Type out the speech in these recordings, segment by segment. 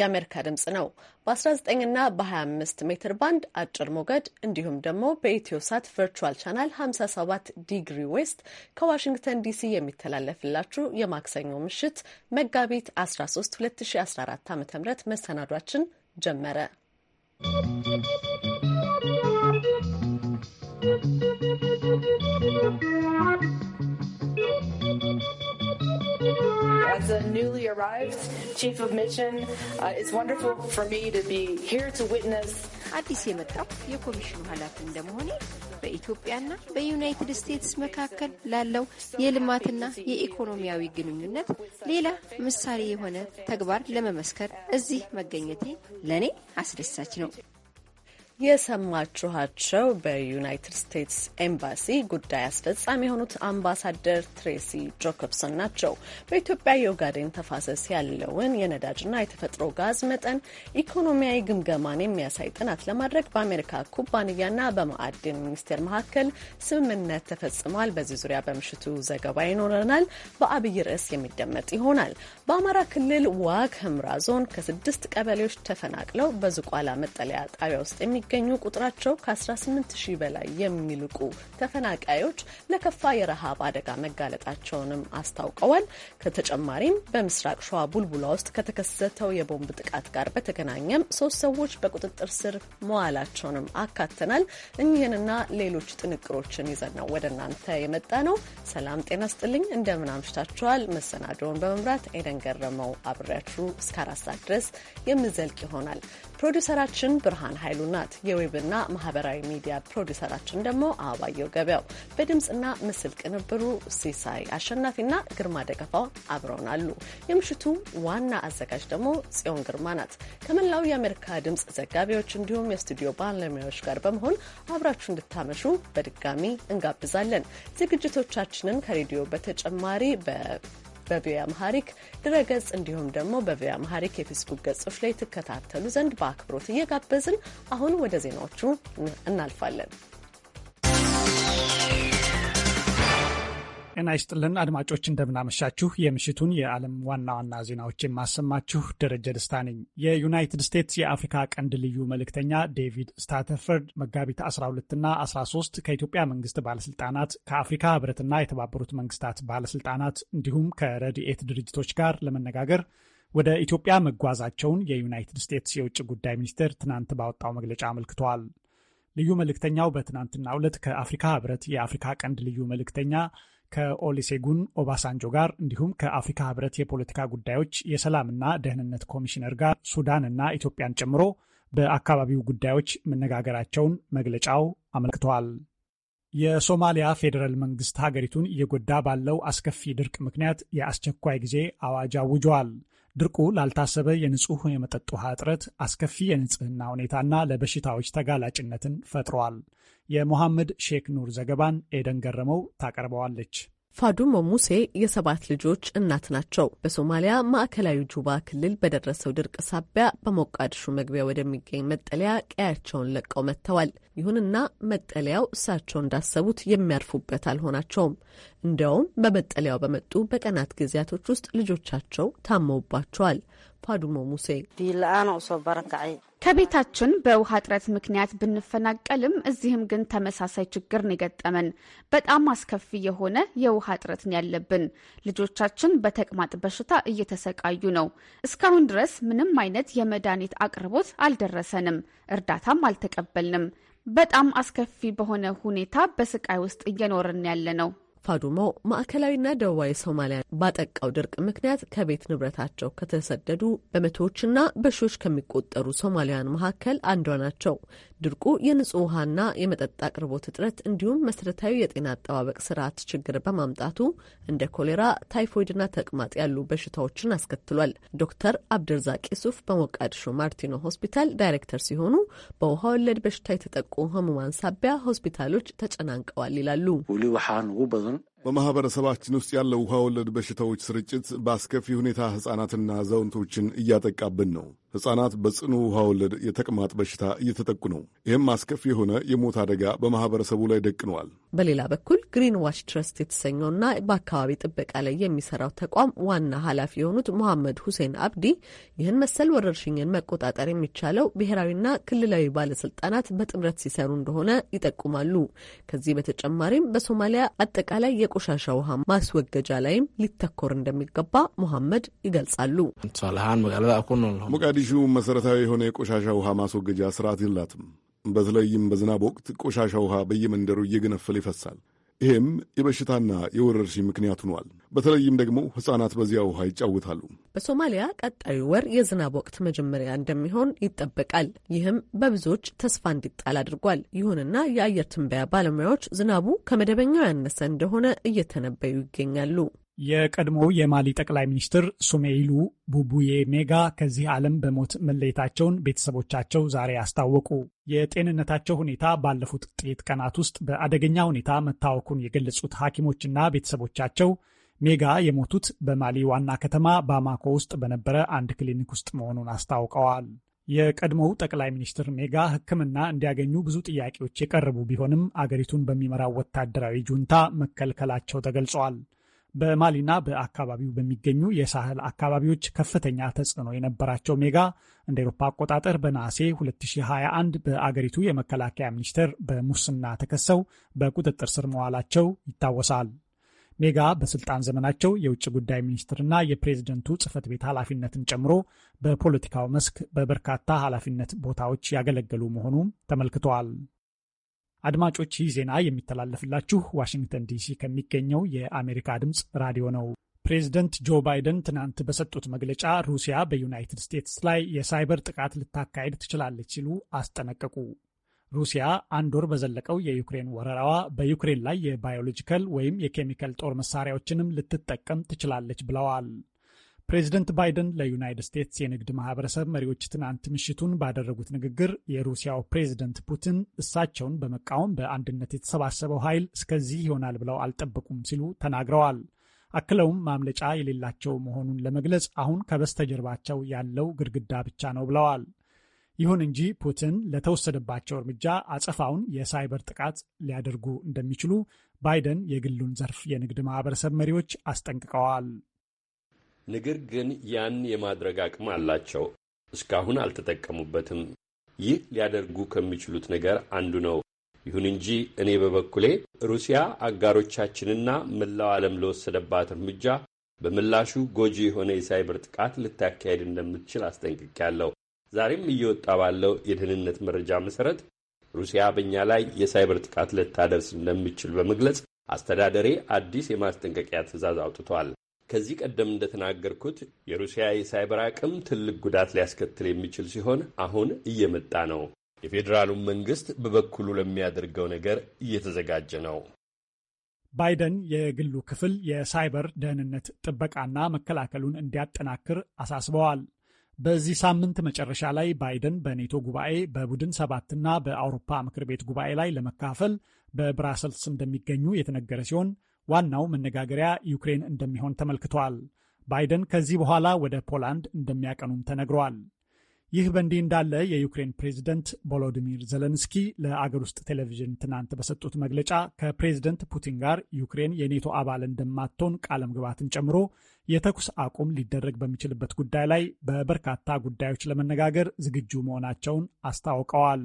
የአሜሪካ ድምጽ ነው። በ19 ና በ25 ሜትር ባንድ አጭር ሞገድ እንዲሁም ደግሞ በኢትዮ ሳት ቨርቹዋል ቻናል 57 ዲግሪ ዌስት ከዋሽንግተን ዲሲ የሚተላለፍላችሁ የማክሰኞ ምሽት መጋቢት 13 2014 ዓ ም መሰናዷችን ጀመረ። a newly arrived chief of mission, uh, it's wonderful for me to be here to witness. አዲስ የመጣው የኮሚሽኑ ኃላፊ እንደመሆኔ በኢትዮጵያና በዩናይትድ ስቴትስ መካከል ላለው የልማትና የኢኮኖሚያዊ ግንኙነት ሌላ ምሳሌ የሆነ ተግባር ለመመስከር እዚህ መገኘቴ ለእኔ አስደሳች ነው። የሰማችኋቸው በዩናይትድ ስቴትስ ኤምባሲ ጉዳይ አስፈጻሚ የሆኑት አምባሳደር ትሬሲ ጆኮብሰን ናቸው። በኢትዮጵያ የኦጋዴን ተፋሰስ ያለውን የነዳጅና የተፈጥሮ ጋዝ መጠን ኢኮኖሚያዊ ግምገማን የሚያሳይ ጥናት ለማድረግ በአሜሪካ ኩባንያና በማዕድን ሚኒስቴር መካከል ስምምነት ተፈጽሟል። በዚህ ዙሪያ በምሽቱ ዘገባ ይኖረናል። በአብይ ርዕስ የሚደመጥ ይሆናል። በአማራ ክልል ዋግ ህምራ ዞን ከስድስት ቀበሌዎች ተፈናቅለው በዝቋላ መጠለያ ጣቢያ ውስጥ የሚገኙ ቁጥራቸው ከ18 ሺህ በላይ የሚልቁ ተፈናቃዮች ለከፋ የረሃብ አደጋ መጋለጣቸውንም አስታውቀዋል። ከተጨማሪም በምስራቅ ሸዋ ቡልቡላ ውስጥ ከተከሰተው የቦምብ ጥቃት ጋር በተገናኘም ሶስት ሰዎች በቁጥጥር ስር መዋላቸውንም አካተናል። እኚህንና ሌሎች ጥንቅሮችን ይዘን ነው ወደ እናንተ የመጣ ነው። ሰላም ጤና ስጥልኝ። እንደምን አምሽታችኋል። መሰናዶውን በመምራት ኤደን ገረመው አብሬያችሁ እስከ አራት ሰዓት ድረስ የምዘልቅ ይሆናል። ፕሮዲውሰራችን ብርሃን ኃይሉ ናት። የዌብና ማህበራዊ ሚዲያ ፕሮዲውሰራችን ደግሞ አበባየው ገበያው፣ በድምፅና ምስል ቅንብሩ ሲሳይ አሸናፊና ግርማ ደገፋው አብረውናሉ። የምሽቱ ዋና አዘጋጅ ደግሞ ጽዮን ግርማ ናት። ከመላው የአሜሪካ ድምፅ ዘጋቢዎች እንዲሁም የስቱዲዮ ባለሙያዎች ጋር በመሆን አብራችሁ እንድታመሹ በድጋሚ እንጋብዛለን። ዝግጅቶቻችንን ከሬዲዮ በተጨማሪ በቪኦኤ አምሃሪክ ድረገጽ እንዲሁም ደግሞ በቪኦኤ አምሃሪክ የፌስቡክ ገጾች ላይ ትከታተሉ ዘንድ በአክብሮት እየጋበዝን አሁን ወደ ዜናዎቹ እናልፋለን። ጤና ይስጥልን አድማጮች፣ እንደምናመሻችሁ። የምሽቱን የዓለም ዋና ዋና ዜናዎች የማሰማችሁ ደረጀ ደስታ ነኝ። የዩናይትድ ስቴትስ የአፍሪካ ቀንድ ልዩ መልእክተኛ ዴቪድ ስታተፈርድ መጋቢት 12ና 13 ከኢትዮጵያ መንግስት ባለስልጣናት ከአፍሪካ ህብረትና የተባበሩት መንግስታት ባለስልጣናት እንዲሁም ከረድኤት ድርጅቶች ጋር ለመነጋገር ወደ ኢትዮጵያ መጓዛቸውን የዩናይትድ ስቴትስ የውጭ ጉዳይ ሚኒስቴር ትናንት ባወጣው መግለጫ አመልክተዋል። ልዩ መልእክተኛው በትናንትናው ዕለት ከአፍሪካ ህብረት የአፍሪካ ቀንድ ልዩ መልእክተኛ ከኦሊሴጉን ኦባሳንጆ ጋር እንዲሁም ከአፍሪካ ህብረት የፖለቲካ ጉዳዮች የሰላምና ደህንነት ኮሚሽነር ጋር ሱዳንና ኢትዮጵያን ጨምሮ በአካባቢው ጉዳዮች መነጋገራቸውን መግለጫው አመልክተዋል። የሶማሊያ ፌዴራል መንግስት ሀገሪቱን እየጎዳ ባለው አስከፊ ድርቅ ምክንያት የአስቸኳይ ጊዜ አዋጅ አውጇል። ድርቁ ላልታሰበ የንጹህ የመጠጥ ውሃ እጥረት፣ አስከፊ የንጽህና ሁኔታና ለበሽታዎች ተጋላጭነትን ፈጥሯል። የሞሐመድ ሼክ ኑር ዘገባን ኤደን ገረመው ታቀርበዋለች። ፋዱሞ ሙሴ የሰባት ልጆች እናት ናቸው። በሶማሊያ ማዕከላዊ ጁባ ክልል በደረሰው ድርቅ ሳቢያ በሞቃድሹ መግቢያ ወደሚገኝ መጠለያ ቀያቸውን ለቀው መጥተዋል። ይሁንና መጠለያው እሳቸው እንዳሰቡት የሚያርፉበት አልሆናቸውም። እንዲያውም በመጠለያው በመጡ በቀናት ጊዜያቶች ውስጥ ልጆቻቸው ታመውባቸዋል። ፋዱሞ ሙሴ ዲላአን ሶ በረካይ ከቤታችን በውሃ እጥረት ምክንያት ብንፈናቀልም እዚህም ግን ተመሳሳይ ችግር ነው የገጠመን። በጣም አስከፊ የሆነ የውሃ እጥረት ነው ያለብን። ልጆቻችን በተቅማጥ በሽታ እየተሰቃዩ ነው። እስካሁን ድረስ ምንም አይነት የመድኃኒት አቅርቦት አልደረሰንም። እርዳታም አልተቀበልንም። በጣም አስከፊ በሆነ ሁኔታ በስቃይ ውስጥ እየኖርን ያለ ነው። ፋዱሞ ማዕከላዊና ደቡባዊ ሶማሊያ ባጠቃው ድርቅ ምክንያት ከቤት ንብረታቸው ከተሰደዱ በመቶዎችና በሺዎች ከሚቆጠሩ ሶማሊያውያን መካከል አንዷ ናቸው። ድርቁ የንጹህ ውሃና የመጠጥ አቅርቦት እጥረት እንዲሁም መሰረታዊ የጤና አጠባበቅ ስርዓት ችግር በማምጣቱ እንደ ኮሌራ፣ ታይፎይድና ተቅማጥ ያሉ በሽታዎችን አስከትሏል። ዶክተር አብደርዛቅ ሱፍ በሞቃዲሾ ማርቲኖ ሆስፒታል ዳይሬክተር ሲሆኑ በውሃ ወለድ በሽታ የተጠቁ ህሙማን ሳቢያ ሆስፒታሎች ተጨናንቀዋል ይላሉ። በማህበረሰባችን ውስጥ ያለው ውሃ ወለድ በሽታዎች ስርጭት በአስከፊ ሁኔታ ሕፃናትና አዛውንቶችን እያጠቃብን ነው። ሕፃናት በጽኑ ውሃ ወለድ የተቅማጥ በሽታ እየተጠቁ ነው። ይህም አስከፊ የሆነ የሞት አደጋ በማህበረሰቡ ላይ ደቅነዋል። በሌላ በኩል ግሪን ዋሽ ትረስት የተሰኘውና በአካባቢ ጥበቃ ላይ የሚሰራው ተቋም ዋና ኃላፊ የሆኑት መሐመድ ሁሴን አብዲ ይህን መሰል ወረርሽኝን መቆጣጠር የሚቻለው ብሔራዊና ክልላዊ ባለስልጣናት በጥምረት ሲሰሩ እንደሆነ ይጠቁማሉ። ከዚህ በተጨማሪም በሶማሊያ አጠቃላይ የቆሻሻ ውሃ ማስወገጃ ላይም ሊተኮር እንደሚገባ ሙሐመድ ይገልጻሉ። ሞቃዲሹ መሰረታዊ የሆነ የቆሻሻ ውሃ ማስወገጃ ስርዓት የላትም። በተለይም በዝናብ ወቅት ቆሻሻ ውሃ በየመንደሩ እየገነፈል ይፈሳል። ይህም የበሽታና የወረርሽኝ ምክንያት ሆኗል። በተለይም ደግሞ ህጻናት በዚያ ውሃ ይጫወታሉ። በሶማሊያ ቀጣዩ ወር የዝናብ ወቅት መጀመሪያ እንደሚሆን ይጠበቃል። ይህም በብዙዎች ተስፋ እንዲጣል አድርጓል። ይሁንና የአየር ትንበያ ባለሙያዎች ዝናቡ ከመደበኛው ያነሰ እንደሆነ እየተነበዩ ይገኛሉ። የቀድሞው የማሊ ጠቅላይ ሚኒስትር ሱሜይሉ ቡቡዬ ሜጋ ከዚህ ዓለም በሞት መለየታቸውን ቤተሰቦቻቸው ዛሬ አስታወቁ። የጤንነታቸው ሁኔታ ባለፉት ጥቂት ቀናት ውስጥ በአደገኛ ሁኔታ መታወኩን የገለጹት ሐኪሞችና ቤተሰቦቻቸው ሜጋ የሞቱት በማሊ ዋና ከተማ ባማኮ ውስጥ በነበረ አንድ ክሊኒክ ውስጥ መሆኑን አስታውቀዋል። የቀድሞው ጠቅላይ ሚኒስትር ሜጋ ሕክምና እንዲያገኙ ብዙ ጥያቄዎች የቀረቡ ቢሆንም አገሪቱን በሚመራው ወታደራዊ ጁንታ መከልከላቸው ተገልጿል። በማሊና በአካባቢው በሚገኙ የሳህል አካባቢዎች ከፍተኛ ተጽዕኖ የነበራቸው ሜጋ እንደ ኤሮፓ አቆጣጠር በነሐሴ 2021 በአገሪቱ የመከላከያ ሚኒስቴር በሙስና ተከሰው በቁጥጥር ስር መዋላቸው ይታወሳል። ሜጋ በስልጣን ዘመናቸው የውጭ ጉዳይ ሚኒስትርና የፕሬዝደንቱ ጽህፈት ቤት ኃላፊነትን ጨምሮ በፖለቲካው መስክ በበርካታ ኃላፊነት ቦታዎች ያገለገሉ መሆኑም ተመልክተዋል። አድማጮች ይህ ዜና የሚተላለፍላችሁ ዋሽንግተን ዲሲ ከሚገኘው የአሜሪካ ድምፅ ራዲዮ ነው። ፕሬዚደንት ጆ ባይደን ትናንት በሰጡት መግለጫ ሩሲያ በዩናይትድ ስቴትስ ላይ የሳይበር ጥቃት ልታካሄድ ትችላለች ሲሉ አስጠነቀቁ። ሩሲያ አንድ ወር በዘለቀው የዩክሬን ወረራዋ በዩክሬን ላይ የባዮሎጂካል ወይም የኬሚካል ጦር መሳሪያዎችንም ልትጠቀም ትችላለች ብለዋል። ፕሬዚደንት ባይደን ለዩናይትድ ስቴትስ የንግድ ማህበረሰብ መሪዎች ትናንት ምሽቱን ባደረጉት ንግግር የሩሲያው ፕሬዚደንት ፑቲን እሳቸውን በመቃወም በአንድነት የተሰባሰበው ኃይል እስከዚህ ይሆናል ብለው አልጠበቁም ሲሉ ተናግረዋል። አክለውም ማምለጫ የሌላቸው መሆኑን ለመግለጽ አሁን ከበስተጀርባቸው ያለው ግድግዳ ብቻ ነው ብለዋል። ይሁን እንጂ ፑቲን ለተወሰደባቸው እርምጃ አጸፋውን የሳይበር ጥቃት ሊያደርጉ እንደሚችሉ ባይደን የግሉን ዘርፍ የንግድ ማህበረሰብ መሪዎች አስጠንቅቀዋል። ነገር ግን ያን የማድረግ አቅም አላቸው። እስካሁን አልተጠቀሙበትም። ይህ ሊያደርጉ ከሚችሉት ነገር አንዱ ነው። ይሁን እንጂ እኔ በበኩሌ ሩሲያ አጋሮቻችንና መላው ዓለም ለወሰደባት እርምጃ በምላሹ ጎጂ የሆነ የሳይበር ጥቃት ልታካሄድ እንደምትችል አስጠንቅቄያለሁ። ዛሬም እየወጣ ባለው የደህንነት መረጃ መሰረት ሩሲያ በእኛ ላይ የሳይበር ጥቃት ልታደርስ እንደምትችል በመግለጽ አስተዳደሬ አዲስ የማስጠንቀቂያ ትዕዛዝ አውጥቷል። ከዚህ ቀደም እንደተናገርኩት የሩሲያ የሳይበር አቅም ትልቅ ጉዳት ሊያስከትል የሚችል ሲሆን አሁን እየመጣ ነው። የፌዴራሉም መንግስት በበኩሉ ለሚያደርገው ነገር እየተዘጋጀ ነው። ባይደን የግሉ ክፍል የሳይበር ደህንነት ጥበቃና መከላከሉን እንዲያጠናክር አሳስበዋል። በዚህ ሳምንት መጨረሻ ላይ ባይደን በኔቶ ጉባኤ በቡድን ሰባትና በአውሮፓ ምክር ቤት ጉባኤ ላይ ለመካፈል በብራሰልስ እንደሚገኙ የተነገረ ሲሆን ዋናው መነጋገሪያ ዩክሬን እንደሚሆን ተመልክቷል። ባይደን ከዚህ በኋላ ወደ ፖላንድ እንደሚያቀኑም ተነግሯል። ይህ በእንዲህ እንዳለ የዩክሬን ፕሬዝደንት ቮሎዲሚር ዘለንስኪ ለአገር ውስጥ ቴሌቪዥን ትናንት በሰጡት መግለጫ ከፕሬዝደንት ፑቲን ጋር ዩክሬን የኔቶ አባል እንደማትሆን ቃለ መግባትን ጨምሮ የተኩስ አቁም ሊደረግ በሚችልበት ጉዳይ ላይ በበርካታ ጉዳዮች ለመነጋገር ዝግጁ መሆናቸውን አስታውቀዋል።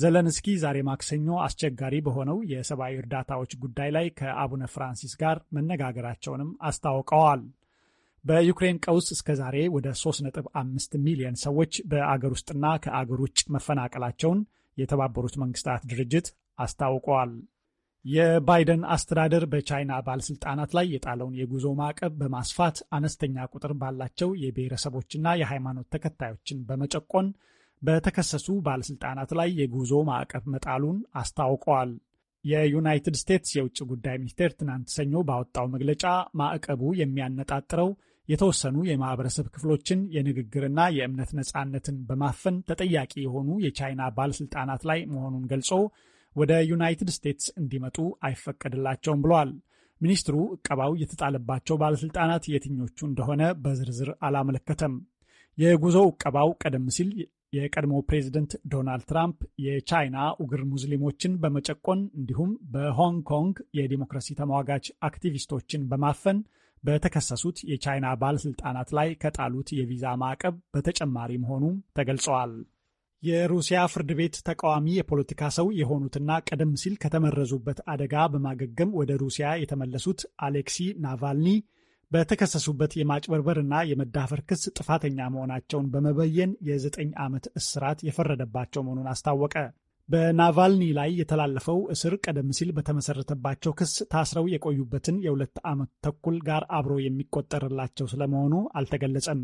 ዘለንስኪ ዛሬ ማክሰኞ አስቸጋሪ በሆነው የሰብአዊ እርዳታዎች ጉዳይ ላይ ከአቡነ ፍራንሲስ ጋር መነጋገራቸውንም አስታውቀዋል። በዩክሬን ቀውስ እስከ ዛሬ ወደ 3.5 ሚሊዮን ሰዎች በአገር ውስጥና ከአገር ውጭ መፈናቀላቸውን የተባበሩት መንግስታት ድርጅት አስታውቀዋል። የባይደን አስተዳደር በቻይና ባለስልጣናት ላይ የጣለውን የጉዞ ማዕቀብ በማስፋት አነስተኛ ቁጥር ባላቸው የብሔረሰቦችና የሃይማኖት ተከታዮችን በመጨቆን በተከሰሱ ባለሥልጣናት ላይ የጉዞ ማዕቀብ መጣሉን አስታውቀዋል። የዩናይትድ ስቴትስ የውጭ ጉዳይ ሚኒስቴር ትናንት ሰኞ ባወጣው መግለጫ ማዕቀቡ የሚያነጣጥረው የተወሰኑ የማህበረሰብ ክፍሎችን የንግግርና የእምነት ነጻነትን በማፈን ተጠያቂ የሆኑ የቻይና ባለሥልጣናት ላይ መሆኑን ገልጾ ወደ ዩናይትድ ስቴትስ እንዲመጡ አይፈቀድላቸውም ብለዋል። ሚኒስትሩ ዕቀባው የተጣለባቸው ባለሥልጣናት የትኞቹ እንደሆነ በዝርዝር አላመለከተም። የጉዞ ዕቀባው ቀደም ሲል የቀድሞ ፕሬዝደንት ዶናልድ ትራምፕ የቻይና ውግር ሙስሊሞችን በመጨቆን እንዲሁም በሆንግ ኮንግ የዲሞክራሲ ተሟጋች አክቲቪስቶችን በማፈን በተከሰሱት የቻይና ባለስልጣናት ላይ ከጣሉት የቪዛ ማዕቀብ በተጨማሪ መሆኑም ተገልጸዋል። የሩሲያ ፍርድ ቤት ተቃዋሚ የፖለቲካ ሰው የሆኑትና ቀደም ሲል ከተመረዙበት አደጋ በማገገም ወደ ሩሲያ የተመለሱት አሌክሲ ናቫልኒ በተከሰሱበት የማጭበርበርና የመዳፈር ክስ ጥፋተኛ መሆናቸውን በመበየን የዘጠኝ ዓመት እስራት የፈረደባቸው መሆኑን አስታወቀ። በናቫልኒ ላይ የተላለፈው እስር ቀደም ሲል በተመሰረተባቸው ክስ ታስረው የቆዩበትን የሁለት ዓመት ተኩል ጋር አብሮ የሚቆጠርላቸው ስለመሆኑ አልተገለጸም።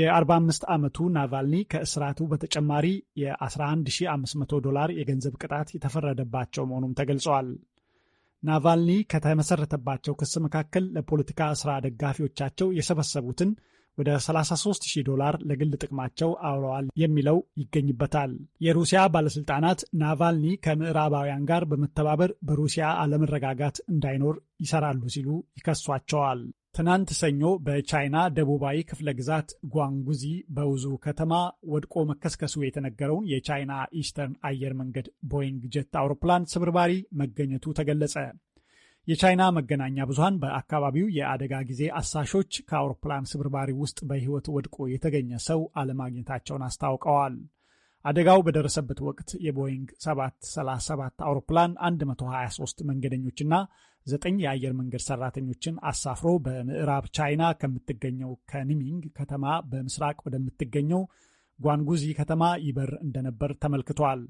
የ45 ዓመቱ ናቫልኒ ከእስራቱ በተጨማሪ የ11500 ዶላር የገንዘብ ቅጣት የተፈረደባቸው መሆኑም ተገልጸዋል። ናቫልኒ ከተመሰረተባቸው ክስ መካከል ለፖለቲካ ስራ ደጋፊዎቻቸው የሰበሰቡትን ወደ 33 ዶላር ለግል ጥቅማቸው አውለዋል የሚለው ይገኝበታል። የሩሲያ ባለሥልጣናት ናቫልኒ ከምዕራባውያን ጋር በመተባበር በሩሲያ አለመረጋጋት እንዳይኖር ይሰራሉ ሲሉ ይከሷቸዋል። ትናንት ሰኞ በቻይና ደቡባዊ ክፍለ ግዛት ጓንጉዚ በውዙ ከተማ ወድቆ መከስከሱ የተነገረውን የቻይና ኢስተርን አየር መንገድ ቦይንግ ጀት አውሮፕላን ስብርባሪ መገኘቱ ተገለጸ። የቻይና መገናኛ ብዙሃን በአካባቢው የአደጋ ጊዜ አሳሾች ከአውሮፕላን ስብርባሪ ውስጥ በሕይወት ወድቆ የተገኘ ሰው አለማግኘታቸውን አስታውቀዋል። አደጋው በደረሰበት ወቅት የቦይንግ 737 አውሮፕላን 123 መንገደኞችና ዘጠኝ የአየር መንገድ ሰራተኞችን አሳፍሮ በምዕራብ ቻይና ከምትገኘው ከኒሚንግ ከተማ በምስራቅ ወደምትገኘው ጓንጉዚ ከተማ ይበር እንደነበር ተመልክቷል።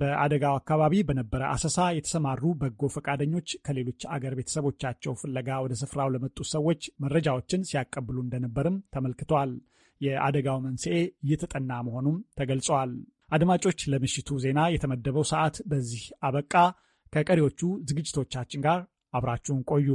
በአደጋው አካባቢ በነበረ አሰሳ የተሰማሩ በጎ ፈቃደኞች ከሌሎች አገር ቤተሰቦቻቸው ፍለጋ ወደ ስፍራው ለመጡ ሰዎች መረጃዎችን ሲያቀብሉ እንደነበርም ተመልክቷል። የአደጋው መንስኤ እየተጠና መሆኑም ተገልጿል። አድማጮች፣ ለምሽቱ ዜና የተመደበው ሰዓት በዚህ አበቃ። ከቀሪዎቹ ዝግጅቶቻችን ጋር አብራችሁን ቆዩ።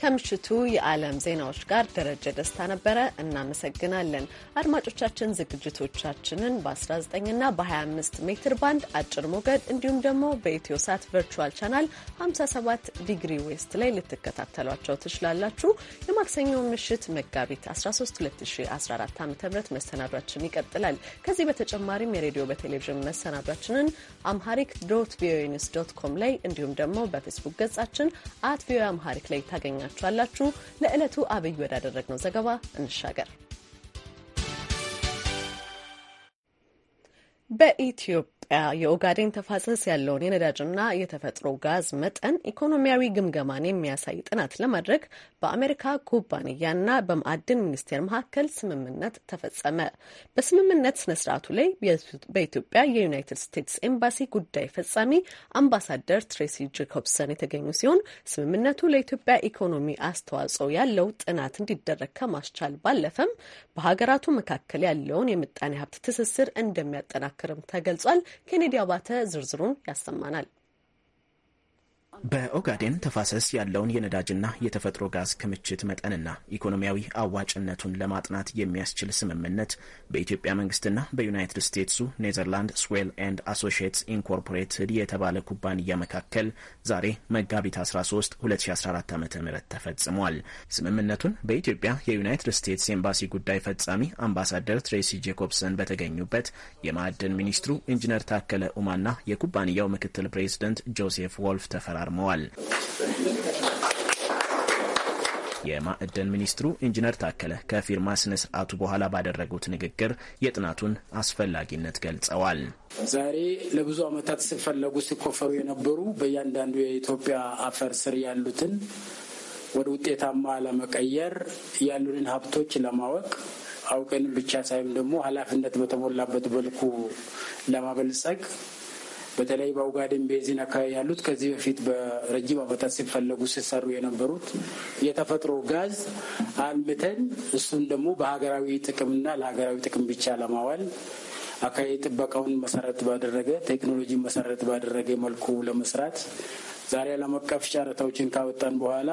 ከምሽቱ የዓለም ዜናዎች ጋር ደረጀ ደስታ ነበረ። እናመሰግናለን። አድማጮቻችን ዝግጅቶቻችንን በ19ና በ25 ሜትር ባንድ አጭር ሞገድ እንዲሁም ደግሞ በኢትዮ ሳት ቨርቹዋል ቻናል 57 ዲግሪ ዌስት ላይ ልትከታተሏቸው ትችላላችሁ። የማክሰኞ ምሽት መጋቢት 13 2014 ዓ ም መሰናዷችን ይቀጥላል። ከዚህ በተጨማሪም የሬዲዮ በቴሌቪዥን መሰናዷችንን አምሃሪክ ዶት ቪኦኤ ኒውስ ዶት ኮም ላይ እንዲሁም ደግሞ በፌስቡክ ገጻችን አት ቪኦኤ አምሃሪክ ላይ ታገኛል ታገኛችኋላችሁ። ለዕለቱ አብይ ወዳደረግነው ዘገባ እንሻገር። በኢትዮጵያ በኢትዮጵያ የኦጋዴን ተፋሰስ ያለውን የነዳጅና የተፈጥሮ ጋዝ መጠን ኢኮኖሚያዊ ግምገማን የሚያሳይ ጥናት ለማድረግ በአሜሪካ ኩባንያና በማዕድን ሚኒስቴር መካከል ስምምነት ተፈጸመ። በስምምነት ስነ ስርዓቱ ላይ በኢትዮጵያ የዩናይትድ ስቴትስ ኤምባሲ ጉዳይ ፈጻሚ አምባሳደር ትሬሲ ጄኮብሰን የተገኙ ሲሆን ስምምነቱ ለኢትዮጵያ ኢኮኖሚ አስተዋጽኦ ያለው ጥናት እንዲደረግ ከማስቻል ባለፈም በሀገራቱ መካከል ያለውን የምጣኔ ሀብት ትስስር እንደሚያጠናክርም ተገልጿል። ኬኔዲ አባተ ዝርዝሩን ያሰማናል። በኦጋዴን ተፋሰስ ያለውን የነዳጅና የተፈጥሮ ጋዝ ክምችት መጠንና ኢኮኖሚያዊ አዋጭነቱን ለማጥናት የሚያስችል ስምምነት በኢትዮጵያ መንግስትና በዩናይትድ ስቴትሱ ኔዘርላንድ ስዌል ኤንድ አሶሺየትስ ኢንኮርፖሬትድ የተባለ ኩባንያ መካከል ዛሬ መጋቢት 13 2014 ዓ ም ተፈጽሟል። ስምምነቱን በኢትዮጵያ የዩናይትድ ስቴትስ ኤምባሲ ጉዳይ ፈጻሚ አምባሳደር ትሬሲ ጄኮብሰን በተገኙበት የማዕድን ሚኒስትሩ ኢንጂነር ታከለ ኡማና የኩባንያው ምክትል ፕሬዚደንት ጆሴፍ ወልፍ ተፈራ ተፋርመዋል። የማዕድን ሚኒስትሩ ኢንጂነር ታከለ ከፊርማ ስነ ስርዓቱ በኋላ ባደረጉት ንግግር የጥናቱን አስፈላጊነት ገልጸዋል። ዛሬ ለብዙ ዓመታት ሲፈለጉ ሲኮፈሩ የነበሩ በእያንዳንዱ የኢትዮጵያ አፈር ስር ያሉትን ወደ ውጤታማ ለመቀየር ያሉንን ሀብቶች ለማወቅ አውቀንም ብቻ ሳይሆን ደግሞ ኃላፊነት በተሞላበት መልኩ ለማበልጸግ በተለይ በአውጋዴን ቤዚን አካባቢ ያሉት ከዚህ በፊት በረጅም ዓመታት ሲፈለጉ ሲሰሩ የነበሩት የተፈጥሮ ጋዝ አልምተን እሱን ደግሞ በሀገራዊ ጥቅምና ለሀገራዊ ጥቅም ብቻ ለማዋል አካባቢ ጥበቃውን መሰረት ባደረገ ቴክኖሎጂ መሰረት ባደረገ መልኩ ለመስራት ዛሬ ዓለም አቀፍ ጨረታዎችን ካወጣን በኋላ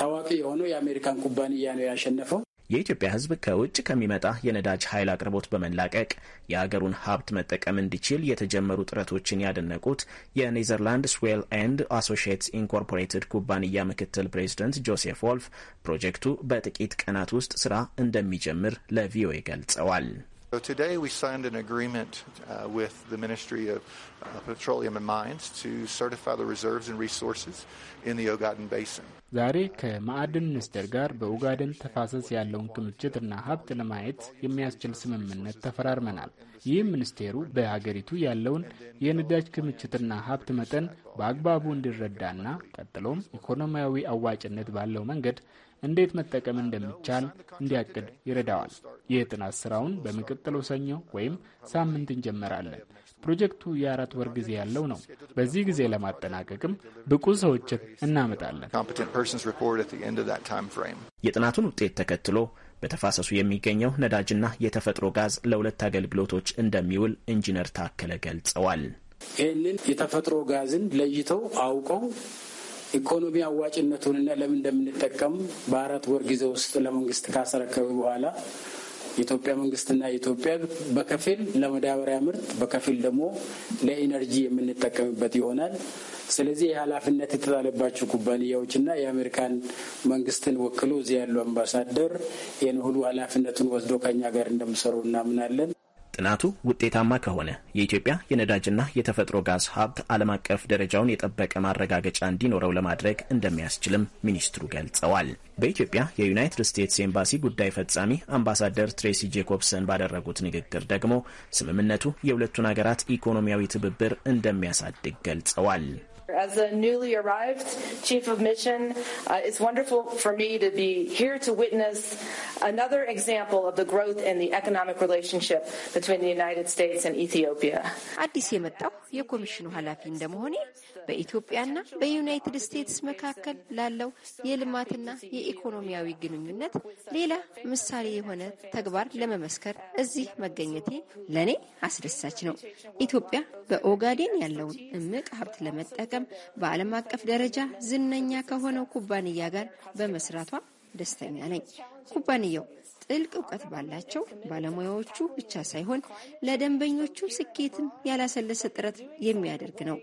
ታዋቂ የሆነው የአሜሪካን ኩባንያ ነው ያሸነፈው። የኢትዮጵያ ሕዝብ ከውጭ ከሚመጣ የነዳጅ ኃይል አቅርቦት በመላቀቅ የአገሩን ሀብት መጠቀም እንዲችል የተጀመሩ ጥረቶችን ያደነቁት የኔዘርላንድ ስዌል ኤንድ አሶሽትስ ኢንኮርፖሬትድ ኩባንያ ምክትል ፕሬዚደንት ጆሴፍ ወልፍ ፕሮጀክቱ በጥቂት ቀናት ውስጥ ስራ እንደሚጀምር ለቪኦኤ ገልጸዋል። So Today we signed an agreement uh, with the Ministry of uh, Petroleum and Mines to certify the reserves and resources in the Ogaden Basin. ዛሬ ከማዕድን ሚኒስቴር ጋር በኡጋደን ተፋሰስ ያለውን ክምችትና ሀብት ለማየት የሚያስችል ስምምነት ተፈራርመናል። ይህም ሚኒስቴሩ በሀገሪቱ ያለውን የነዳጅ ክምችትና ሀብት መጠን በአግባቡ እንዲረዳና ቀጥሎም ኢኮኖሚያዊ አዋጭነት ባለው መንገድ እንዴት መጠቀም እንደሚቻል እንዲያቅድ ይረዳዋል። የጥናት ስራውን በሚቀጥለው ሰኞ ወይም ሳምንት እንጀመራለን። ፕሮጀክቱ የአራት ወር ጊዜ ያለው ነው። በዚህ ጊዜ ለማጠናቀቅም ብቁ ሰዎችን እናመጣለን። የጥናቱን ውጤት ተከትሎ በተፋሰሱ የሚገኘው ነዳጅና የተፈጥሮ ጋዝ ለሁለት አገልግሎቶች እንደሚውል ኢንጂነር ታከለ ገልጸዋል። ይህንን የተፈጥሮ ጋዝን ለይተው አውቀው ኢኮኖሚ አዋጭነቱንና ለምን እንደምንጠቀም በአራት ወር ጊዜ ውስጥ ለመንግስት ካሰረከበ በኋላ የኢትዮጵያ መንግስትና ኢትዮጵያ በከፊል ለመዳበሪያ ምርት በከፊል ደግሞ ለኢነርጂ የምንጠቀምበት ይሆናል። ስለዚህ የኃላፊነት የተጣለባቸው ኩባንያዎችና የአሜሪካን መንግስትን ወክሎ እዚህ ያሉ አምባሳደር ይህን ሁሉ ኃላፊነቱን ወስዶ ከኛ ጋር እንደምሰሩ እናምናለን። ጥናቱ ውጤታማ ከሆነ የኢትዮጵያ የነዳጅና የተፈጥሮ ጋዝ ሀብት ዓለም አቀፍ ደረጃውን የጠበቀ ማረጋገጫ እንዲኖረው ለማድረግ እንደሚያስችልም ሚኒስትሩ ገልጸዋል። በኢትዮጵያ የዩናይትድ ስቴትስ ኤምባሲ ጉዳይ ፈጻሚ አምባሳደር ትሬሲ ጄኮብሰን ባደረጉት ንግግር ደግሞ ስምምነቱ የሁለቱን ሀገራት ኢኮኖሚያዊ ትብብር እንደሚያሳድግ ገልጸዋል። As a newly arrived chief of mission, uh, it's wonderful for me to be here to witness another example of the growth in the economic relationship between the United States and Ethiopia. አዲስ የመጣው የኮሚሽኑ ኃላፊ እንደመሆኔ በኢትዮጵያና በዩናይትድ ስቴትስ መካከል ላለው የልማትና የኢኮኖሚያዊ ግንኙነት ሌላ ምሳሌ የሆነ ተግባር ለመመስከር እዚህ መገኘቴ ለእኔ አስደሳች ነው። ኢትዮጵያ በኦጋዴን ያለውን እምቅ ሀብት ለመጠቀም በመጠቀም በዓለም አቀፍ ደረጃ ዝነኛ ከሆነው ኩባንያ ጋር በመስራቷ ደስተኛ ነኝ። ኩባንያው ጥልቅ እውቀት ባላቸው ባለሙያዎቹ ብቻ ሳይሆን ለደንበኞቹ ስኬትም ያላሰለሰ ጥረት የሚያደርግ ነው።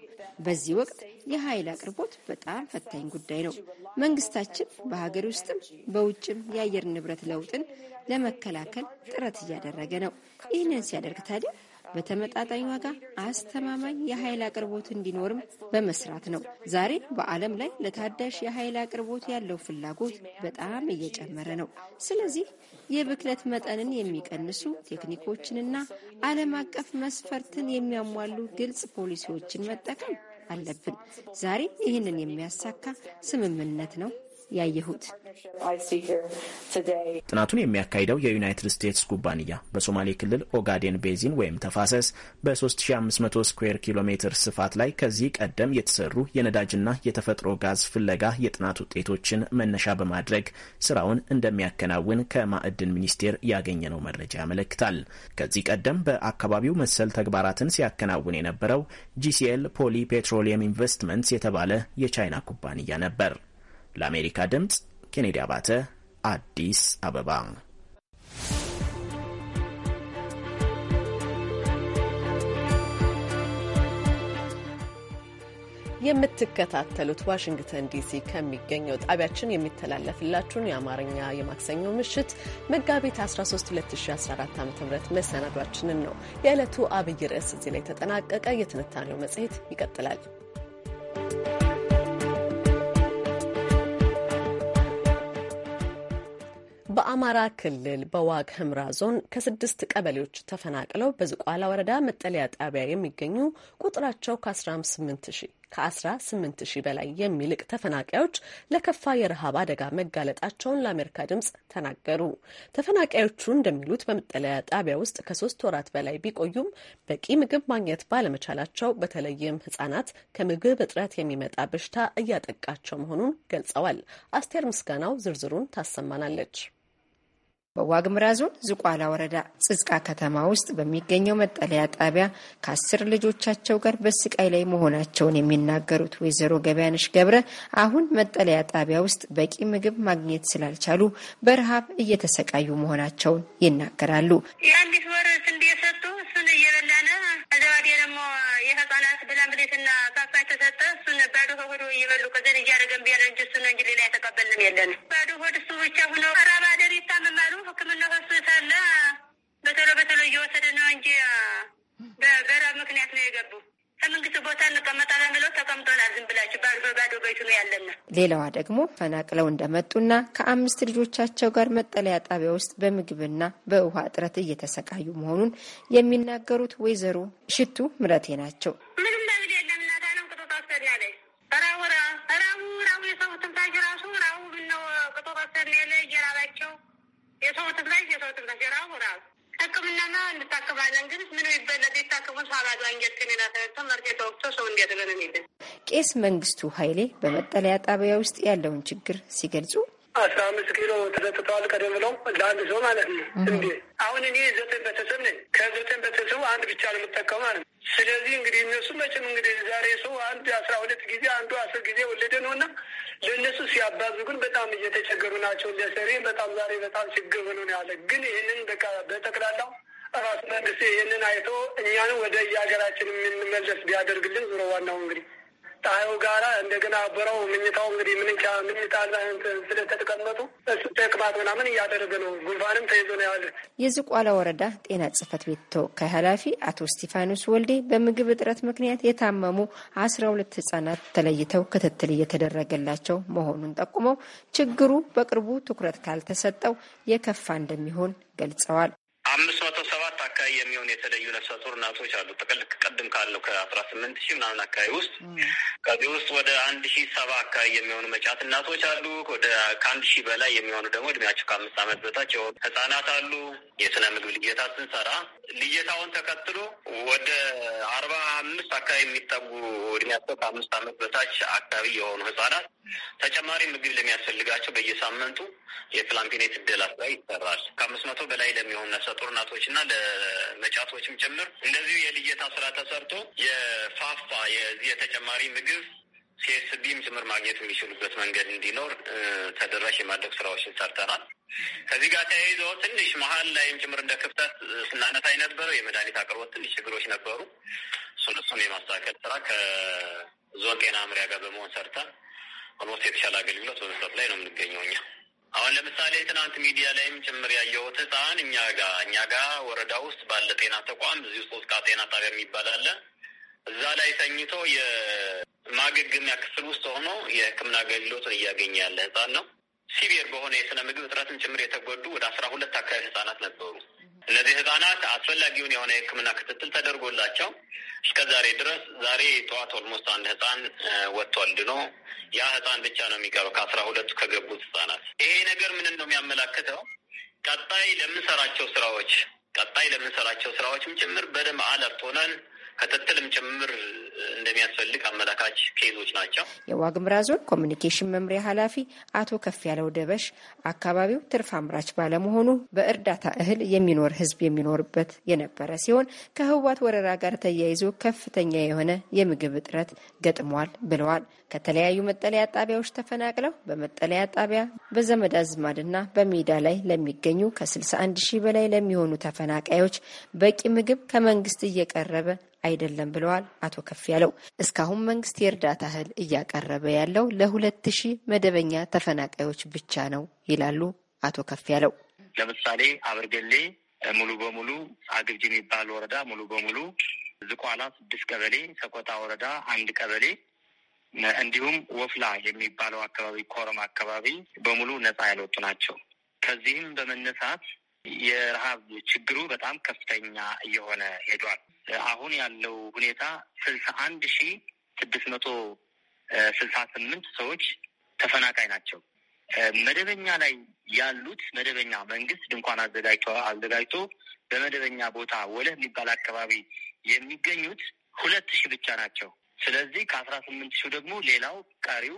በዚህ ወቅት የኃይል አቅርቦት በጣም ፈታኝ ጉዳይ ነው። መንግስታችን በሀገር ውስጥም በውጭም የአየር ንብረት ለውጥን ለመከላከል ጥረት እያደረገ ነው። ይህንን ሲያደርግ ታዲያ በተመጣጣኝ ዋጋ አስተማማኝ የኃይል አቅርቦት እንዲኖርም በመስራት ነው። ዛሬ በዓለም ላይ ለታዳሽ የኃይል አቅርቦት ያለው ፍላጎት በጣም እየጨመረ ነው። ስለዚህ የብክለት መጠንን የሚቀንሱ ቴክኒኮችንና ዓለም አቀፍ መስፈርትን የሚያሟሉ ግልጽ ፖሊሲዎችን መጠቀም አለብን። ዛሬ ይህንን የሚያሳካ ስምምነት ነው ያየሁት። ጥናቱን የሚያካሂደው የዩናይትድ ስቴትስ ኩባንያ በሶማሌ ክልል ኦጋዴን ቤዚን ወይም ተፋሰስ በ3500 ስኩዌር ኪሎ ሜትር ስፋት ላይ ከዚህ ቀደም የተሰሩ የነዳጅና የተፈጥሮ ጋዝ ፍለጋ የጥናት ውጤቶችን መነሻ በማድረግ ስራውን እንደሚያከናውን ከማዕድን ሚኒስቴር ያገኘነው መረጃ ያመለክታል። ከዚህ ቀደም በአካባቢው መሰል ተግባራትን ሲያከናውን የነበረው ጂሲኤል ፖሊ ፔትሮሊየም ኢንቨስትመንትስ የተባለ የቻይና ኩባንያ ነበር። ለአሜሪካ ድምፅ ኬኔዲ አባተ አዲስ አበባ። የምትከታተሉት ዋሽንግተን ዲሲ ከሚገኘው ጣቢያችን የሚተላለፍላችሁን የአማርኛ የማክሰኞ ምሽት መጋቢት 13 2014 ዓ ም መሰናዷችንን ነው። የዕለቱ አብይ ርዕስ እዚህ ላይ ተጠናቀቀ። የትንታኔው መጽሔት ይቀጥላል። በአማራ ክልል በዋግ ህምራ ዞን ከስድስት ቀበሌዎች ተፈናቅለው በዝቋላ ወረዳ መጠለያ ጣቢያ የሚገኙ ቁጥራቸው ከ18 ሺህ ከ18 ሺህ በላይ የሚልቅ ተፈናቃዮች ለከፋ የረሃብ አደጋ መጋለጣቸውን ለአሜሪካ ድምፅ ተናገሩ። ተፈናቃዮቹ እንደሚሉት በመጠለያ ጣቢያ ውስጥ ከሶስት ወራት በላይ ቢቆዩም በቂ ምግብ ማግኘት ባለመቻላቸው በተለይም ህጻናት ከምግብ እጥረት የሚመጣ በሽታ እያጠቃቸው መሆኑን ገልጸዋል። አስቴር ምስጋናው ዝርዝሩን ታሰማናለች። በዋግምራ ዞን ዝቋላ ወረዳ ጽዝቃ ከተማ ውስጥ በሚገኘው መጠለያ ጣቢያ ከአስር ልጆቻቸው ጋር በስቃይ ላይ መሆናቸውን የሚናገሩት ወይዘሮ ገበያነሽ ገብረ አሁን መጠለያ ጣቢያ ውስጥ በቂ ምግብ ማግኘት ስላልቻሉ በረሃብ እየተሰቃዩ መሆናቸውን ይናገራሉ። የአንዲት ወር ስንዴ ሰጡ፣ እሱን እየበላነ ከዛ ወዲያ ደግሞ የህጻናት ብላምሌትና ፓፓ ተሰጠ። እሱን ባዶ ከሆዱ እየበሉ ከዘን እያደረገን ቢያለ እሱን እንጂ ሌላ የተቀበልንም የለን ባዶ ሆድ እሱ ብቻ ሁኖ ራባደር ይታመማሉ ሕክምና ሆስፒታል በቶሎ በቶሎ እየወሰደ ነው እንጂ በበራብ ምክንያት ነው የገቡ። ከመንግስት ቦታ እንቀመጣለን ብለው ተቀምጠናል። ዝም ብላችሁ ባዶ ባዶ ቤቱ ነው ያለና። ሌላዋ ደግሞ ፈናቅለው እንደመጡና ከአምስት ልጆቻቸው ጋር መጠለያ ጣቢያ ውስጥ በምግብና በውሃ እጥረት እየተሰቃዩ መሆኑን የሚናገሩት ወይዘሮ ሽቱ ምረቴ ናቸው። ምንም ነገር የለም እናታ ቅጦታ ወሰድናለች ራቡ ራቡ ትብላሽ የሰው ትብላሽ የራሱ ራሱ ሕክምናና እንታከማለን ግን ምን ይበለ ቤታከሙ ሳባዱ አንጀት ከኔና ተነተ መርቴ ተወቅቶ ሰው እንዲያደለን የሚልን ቄስ መንግስቱ ኃይሌ በመጠለያ ጣቢያ ውስጥ ያለውን ችግር ሲገልጹ አስራ አምስት ኪሎ ተሰጥተዋል። ቀደም ብለው ለአንድ ሰው ማለት ነው እንዴ አሁን እኔ ዘጠኝ ቤተሰብ ነኝ። ከዘጠኝ ቤተሰቡ አንድ ብቻ ነው የምጠቀሙ ማለት ነው። ስለዚህ እንግዲህ እነሱ መቼም እንግዲህ ዛሬ ሰው አንድ አስራ ሁለት ጊዜ አንዱ አስር ጊዜ ወለደ ነው እና ለእነሱ ሲያባዙ ግን በጣም እየተቸገሩ ናቸው። ለሰሬ በጣም ዛሬ በጣም ችግር ሆኖ ነው ያለ። ግን ይህንን በቃ በጠቅላላው ራሱ መንግስት ይህንን አይቶ እኛንም ወደ የሀገራችን የምንመለስ ቢያደርግልን ዙሮ ዋናው እንግዲህ ፀሐዩ ጋራ እንደገና አብረው ምኝታው እንግዲህ ምንቻ ምኝታ ስለተቀመጡ እሱ ተቅማጥ ምናምን እያደረገ ነው። ጉንፋንም ተይዞ ነው ያለ። የዝቋላ ወረዳ ጤና ጽህፈት ቤት ተወካይ ኃላፊ አቶ ስቲፋኖስ ወልዴ በምግብ እጥረት ምክንያት የታመሙ አስራ ሁለት ህጻናት ተለይተው ክትትል እየተደረገላቸው መሆኑን ጠቁመው ችግሩ በቅርቡ ትኩረት ካልተሰጠው የከፋ እንደሚሆን ገልጸዋል። አምስት መቶ ሰባት አካባቢ የሚሆን የተለዩ ነፍሰ ጡር እናቶች አሉ። ጥቅል ቅድም ካለው ከአስራ ስምንት ሺህ ምናምን አካባቢ ውስጥ ከዚህ ውስጥ ወደ አንድ ሺህ ሰባ አካባቢ የሚሆኑ መጫት እናቶች አሉ። ወደ ከአንድ ሺህ በላይ የሚሆኑ ደግሞ እድሜያቸው ከአምስት ዓመት በታች የሆኑ ህጻናት አሉ። የስነ ምግብ ልየታ ስንሰራ ልየታውን ተከትሎ ወደ አርባ አምስት አካባቢ የሚጠጉ እድሜያቸው ከአምስት ዓመት በታች አካባቢ የሆኑ ህጻናት ተጨማሪ ምግብ ለሚያስፈልጋቸው በየሳምንቱ የፕላምፒኔት እደላ ይሰራል። ከአምስት መቶ በላይ ለሚሆን ነፍሰ ለጦር እናቶችና ለመጫቶችም ጭምር እንደዚሁ የልየታ ስራ ተሰርቶ የፋፋ የተጨማሪ ምግብ ሲኤስቢም ጭምር ማግኘት የሚችሉበት መንገድ እንዲኖር ተደራሽ የማድረግ ስራዎችን ሰርተናል። ከዚህ ጋር ተያይዞ ትንሽ መሀል ላይም ጭምር እንደ ክፍተት ስናነሳ የነበረው የመድኃኒት አቅርቦት ትንሽ ችግሮች ነበሩ። እሱን እሱን የማስተካከል ስራ ከዞን ጤና መምሪያ ጋር በመሆን ሰርተን ኦልሞስት የተሻለ አገልግሎት በመስጠት ላይ ነው የምንገኘው እኛ አሁን ለምሳሌ ትናንት ሚዲያ ላይም ጭምር ያየሁት ህፃን እኛ ጋ እኛ ጋ ወረዳ ውስጥ ባለ ጤና ተቋም እዚ ሶስት ቃ ጤና ጣቢያ የሚባል አለ። እዛ ላይ ተኝቶ የማገገሚያ ክፍል ውስጥ ሆኖ የህክምና አገልግሎትን እያገኘ ያለ ህፃን ነው። ሲቪየር በሆነ የስነ ምግብ እጥረትን ጭምር የተጎዱ ወደ አስራ ሁለት አካባቢ ህጻናት ነበሩ። እነዚህ ህጻናት አስፈላጊውን የሆነ የህክምና ክትትል ተደርጎላቸው እስከ ዛሬ ድረስ ዛሬ ጠዋት ኦልሞስት አንድ ህጻን ወጥቷል ድኖ ያ ህጻን ብቻ ነው የሚቀረው ከአስራ ሁለቱ ከገቡት ህጻናት። ይሄ ነገር ምንን ነው የሚያመላክተው? ቀጣይ ለምንሰራቸው ስራዎች ቀጣይ ለምንሰራቸው ስራዎችም ጭምር በደንብ አለርት ሆነን ክትትልም ጭምር እንደሚያስፈልግ አመላካች ኬዞች ናቸው። የዋግምራ ዞን ኮሚኒኬሽን መምሪያ ኃላፊ አቶ ከፍ ያለው ደበሽ አካባቢው ትርፍ አምራች ባለመሆኑ በእርዳታ እህል የሚኖር ህዝብ የሚኖርበት የነበረ ሲሆን ከህዋት ወረራ ጋር ተያይዞ ከፍተኛ የሆነ የምግብ እጥረት ገጥሟል ብለዋል። ከተለያዩ መጠለያ ጣቢያዎች ተፈናቅለው በመጠለያ ጣቢያ በዘመድ አዝማድና በሜዳ ላይ ለሚገኙ ከ61 ሺህ በላይ ለሚሆኑ ተፈናቃዮች በቂ ምግብ ከመንግስት እየቀረበ አይደለም ብለዋል አቶ ከፍ ያለው። እስካሁን መንግስት የእርዳታ እህል እያቀረበ ያለው ለሁለት ሺህ መደበኛ ተፈናቃዮች ብቻ ነው ይላሉ አቶ ከፍ ያለው። ለምሳሌ አበርገሌ ሙሉ በሙሉ አግብጅ የሚባል ወረዳ ሙሉ በሙሉ ዝቋላ ስድስት ቀበሌ፣ ሰቆጣ ወረዳ አንድ ቀበሌ እንዲሁም ወፍላ የሚባለው አካባቢ ኮረም አካባቢ በሙሉ ነፃ ያልወጡ ናቸው። ከዚህም በመነሳት የረሃብ ችግሩ በጣም ከፍተኛ እየሆነ ሄዷል። አሁን ያለው ሁኔታ ስልሳ አንድ ሺ ስድስት መቶ ስልሳ ስምንት ሰዎች ተፈናቃይ ናቸው። መደበኛ ላይ ያሉት መደበኛ መንግስት ድንኳን አዘጋጅቶ አዘጋጅቶ በመደበኛ ቦታ ወለህ የሚባል አካባቢ የሚገኙት ሁለት ሺህ ብቻ ናቸው። ስለዚህ ከአስራ ስምንት ሺህ ደግሞ ሌላው ቀሪው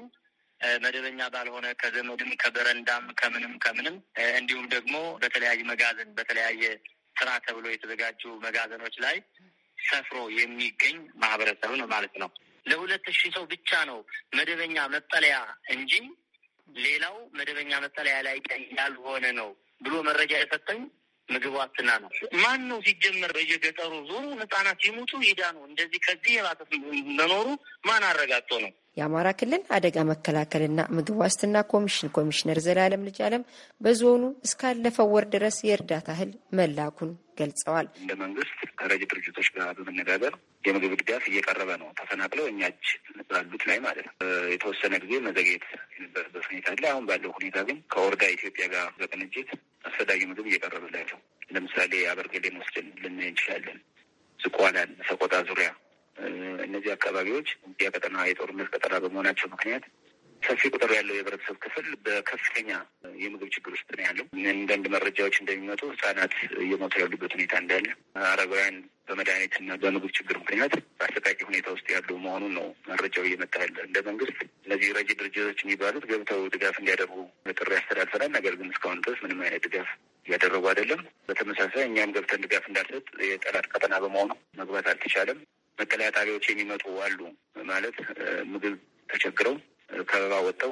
መደበኛ ባልሆነ ከዘመድም ከበረንዳም ከምንም ከምንም እንዲሁም ደግሞ በተለያየ መጋዘን በተለያየ ስራ ተብሎ የተዘጋጁ መጋዘኖች ላይ ሰፍሮ የሚገኝ ማህበረሰብ ነው ማለት ነው። ለሁለት ሺህ ሰው ብቻ ነው መደበኛ መጠለያ እንጂ ሌላው መደበኛ መጠለያ ላይ ያልሆነ ነው ብሎ መረጃ የሰጠኝ ምግብ ዋስትና ነው። ማን ነው ሲጀመር በየገጠሩ ዞሩ ህጻናት ሲሞቱ ነው እንደዚህ ከዚህ የባሰ መኖሩ ማን አረጋግጦ ነው? የአማራ ክልል አደጋ መከላከልና ምግብ ዋስትና ኮሚሽን ኮሚሽነር ዘላለም ልጅ አለም በዞኑ እስካለፈው ወር ድረስ የእርዳታ እህል መላኩን ገልጸዋል። እንደ መንግስት ከረጅ ድርጅቶች ጋር በመነጋገር የምግብ ድጋፍ እየቀረበ ነው። ተፈናቅለው እኛች ባሉት ላይ ማለት ነው። የተወሰነ ጊዜ መዘግየት የነበረበት ሁኔታ አለ። አሁን ባለው ሁኔታ ግን ከኦርጋ ኢትዮጵያ ጋር በቅንጅት አስፈላጊ ምግብ እየቀረበላቸው ለምሳሌ አበርገሌን ወስደን ልናይ እንችላለን። ዝቋላን፣ ሰቆጣ ዙሪያ እነዚህ አካባቢዎች ውጊያ ቀጠና፣ የጦርነት ቀጠና በመሆናቸው ምክንያት ሰፊ ቁጥር ያለው የህብረተሰብ ክፍል በከፍተኛ የምግብ ችግር ውስጥ ነው ያለው። አንዳንድ መረጃዎች እንደሚመጡ ህጻናት እየሞቱ ያሉበት ሁኔታ እንዳለ፣ አረጋውያን በመድኃኒትና በምግብ ችግር ምክንያት በአሰቃቂ ሁኔታ ውስጥ ያሉ መሆኑን ነው መረጃው እየመጣ ያለ። እንደ መንግስት እነዚህ ረጂ ድርጅቶች የሚባሉት ገብተው ድጋፍ እንዲያደርጉ ጥሪ ያስተላልፈናል። ነገር ግን እስካሁን ድረስ ምንም አይነት ድጋፍ እያደረጉ አይደለም። በተመሳሳይ እኛም ገብተን ድጋፍ እንዳልሰጥ የጠላት ቀጠና በመሆኑ መግባት አልተቻለም። መጠለያ ጣቢያዎች የሚመጡ አሉ። ማለት ምግብ ተቸግረው ከበባ ወጥተው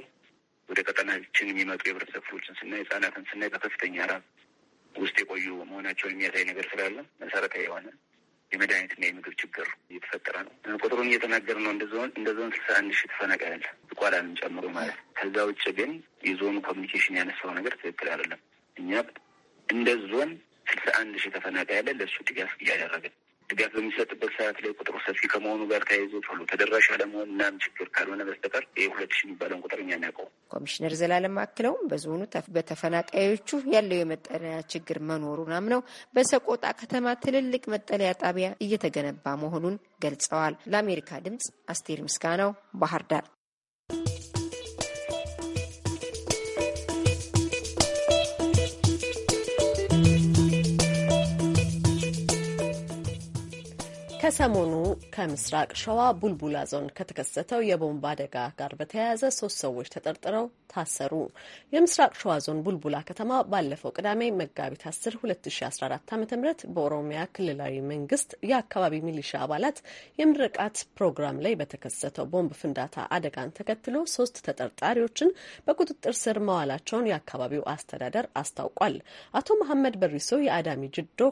ወደ ቀጠናችን የሚመጡ የህብረተሰብ ክፍሎችን ስናይ፣ ህጻናትን ስናይ በከፍተኛ ራብ ውስጥ የቆዩ መሆናቸውን የሚያሳይ ነገር ስላለ መሰረታዊ የሆነ የመድኃኒትና የምግብ ችግር እየተፈጠረ ነው። ቁጥሩን እየተናገር ነው። እንደ ዞን ስልሳ አንድ ሺህ ተፈናቃይ አለ ጨምሮ ማለት ከዛ ውጭ ግን የዞኑ ኮሚኒኬሽን ያነሳው ነገር ትክክል አይደለም። እኛ እንደ ዞን ስልሳ አንድ ሺህ ተፈናቃይ ያለ ለእሱ ድጋፍ እያደረግን ድጋፍ በሚሰጥበት ሰዓት ላይ ቁጥሩ ሰፊ ከመሆኑ ጋር ተያይዞ ቶሎ ተደራሽ አለመሆን እናም ችግር ካልሆነ በስተቀር የሁለት ሺ የሚባለውን ቁጥር እኛ እናውቀው። ኮሚሽነር ዘላለም አክለውም በዞኑ በተፈናቃዮቹ ያለው የመጠለያ ችግር መኖሩን አምነው በሰቆጣ ከተማ ትልልቅ መጠለያ ጣቢያ እየተገነባ መሆኑን ገልጸዋል። ለአሜሪካ ድምጽ አስቴር ምስጋናው ባህር ዳር። ከሰሞኑ ከምስራቅ ሸዋ ቡልቡላ ዞን ከተከሰተው የቦምብ አደጋ ጋር በተያያዘ ሶስት ሰዎች ተጠርጥረው ታሰሩ። የምስራቅ ሸዋ ዞን ቡልቡላ ከተማ ባለፈው ቅዳሜ መጋቢት 10 2014 ዓ ም በኦሮሚያ ክልላዊ መንግስት የአካባቢ ሚሊሻ አባላት የምርቃት ፕሮግራም ላይ በተከሰተው ቦምብ ፍንዳታ አደጋን ተከትሎ ሶስት ተጠርጣሪዎችን በቁጥጥር ስር መዋላቸውን የአካባቢው አስተዳደር አስታውቋል። አቶ መሐመድ በሪሶ የአዳሚ ጅዶ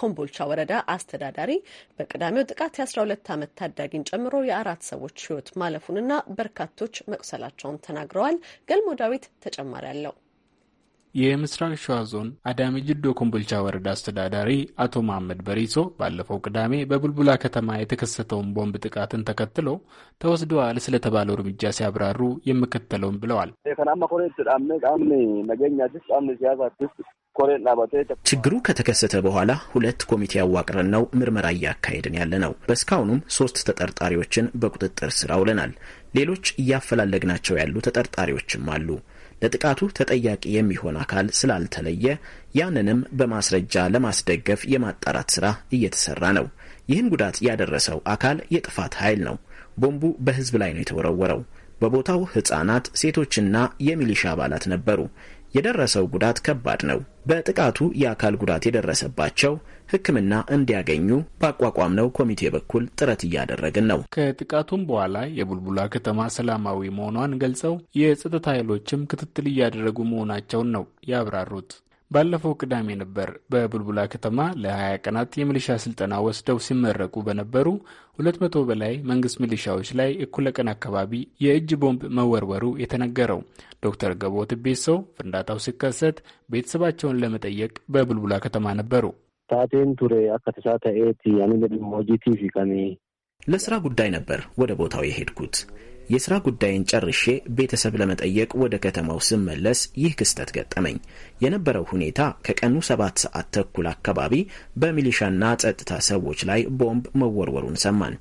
ኮምቦልቻ ወረዳ አስተዳዳሪ በቅዳሜው ጥቃት የ12 ዓመት ታዳጊን ጨምሮ የአራት ሰዎች ህይወት ማለፉንና በርካቶች መቁሰላቸውን ተናግረዋል። ገልሞ ዳዊት ተጨማሪ አለው። የምስራቅ ሸዋ ዞን አዳሚ ጅዶ ኮምቦልቻ ወረዳ አስተዳዳሪ አቶ መሐመድ በሪሶ ባለፈው ቅዳሜ በቡልቡላ ከተማ የተከሰተውን ቦምብ ጥቃትን ተከትሎ ተወስደዋል ስለተባለው እርምጃ ሲያብራሩ የምከተለውን ብለዋል። ችግሩ ከተከሰተ በኋላ ሁለት ኮሚቴ አዋቅረን ነው ምርመራ እያካሄድን ያለ ነው። በእስካሁኑም ሶስት ተጠርጣሪዎችን በቁጥጥር ስር አውለናል። ሌሎች እያፈላለግናቸው ያሉ ተጠርጣሪዎችም አሉ። ለጥቃቱ ተጠያቂ የሚሆን አካል ስላልተለየ ያንንም በማስረጃ ለማስደገፍ የማጣራት ስራ እየተሰራ ነው። ይህን ጉዳት ያደረሰው አካል የጥፋት ኃይል ነው። ቦምቡ በህዝብ ላይ ነው የተወረወረው። በቦታው ህጻናት፣ ሴቶችና የሚሊሻ አባላት ነበሩ። የደረሰው ጉዳት ከባድ ነው። በጥቃቱ የአካል ጉዳት የደረሰባቸው ሕክምና እንዲያገኙ በአቋቋምነው ኮሚቴ በኩል ጥረት እያደረግን ነው። ከጥቃቱም በኋላ የቡልቡላ ከተማ ሰላማዊ መሆኗን ገልጸው የጸጥታ ኃይሎችም ክትትል እያደረጉ መሆናቸውን ነው ያብራሩት። ባለፈው ቅዳሜ ነበር በቡልቡላ ከተማ ለ20 ቀናት የሚሊሻ ስልጠና ወስደው ሲመረቁ በነበሩ 200 በላይ መንግስት ሚሊሻዎች ላይ እኩለ ቀን አካባቢ የእጅ ቦምብ መወርወሩ የተነገረው። ዶክተር ገቦ ትቤሰው ፍንዳታው ሲከሰት ቤተሰባቸውን ለመጠየቅ በቡልቡላ ከተማ ነበሩ። ታቴን ቱሬ ለስራ ጉዳይ ነበር ወደ ቦታው የሄድኩት። የሥራ ጉዳይን ጨርሼ ቤተሰብ ለመጠየቅ ወደ ከተማው ስመለስ ይህ ክስተት ገጠመኝ። የነበረው ሁኔታ ከቀኑ ሰባት ሰዓት ተኩል አካባቢ በሚሊሻና ጸጥታ ሰዎች ላይ ቦምብ መወርወሩን ሰማን።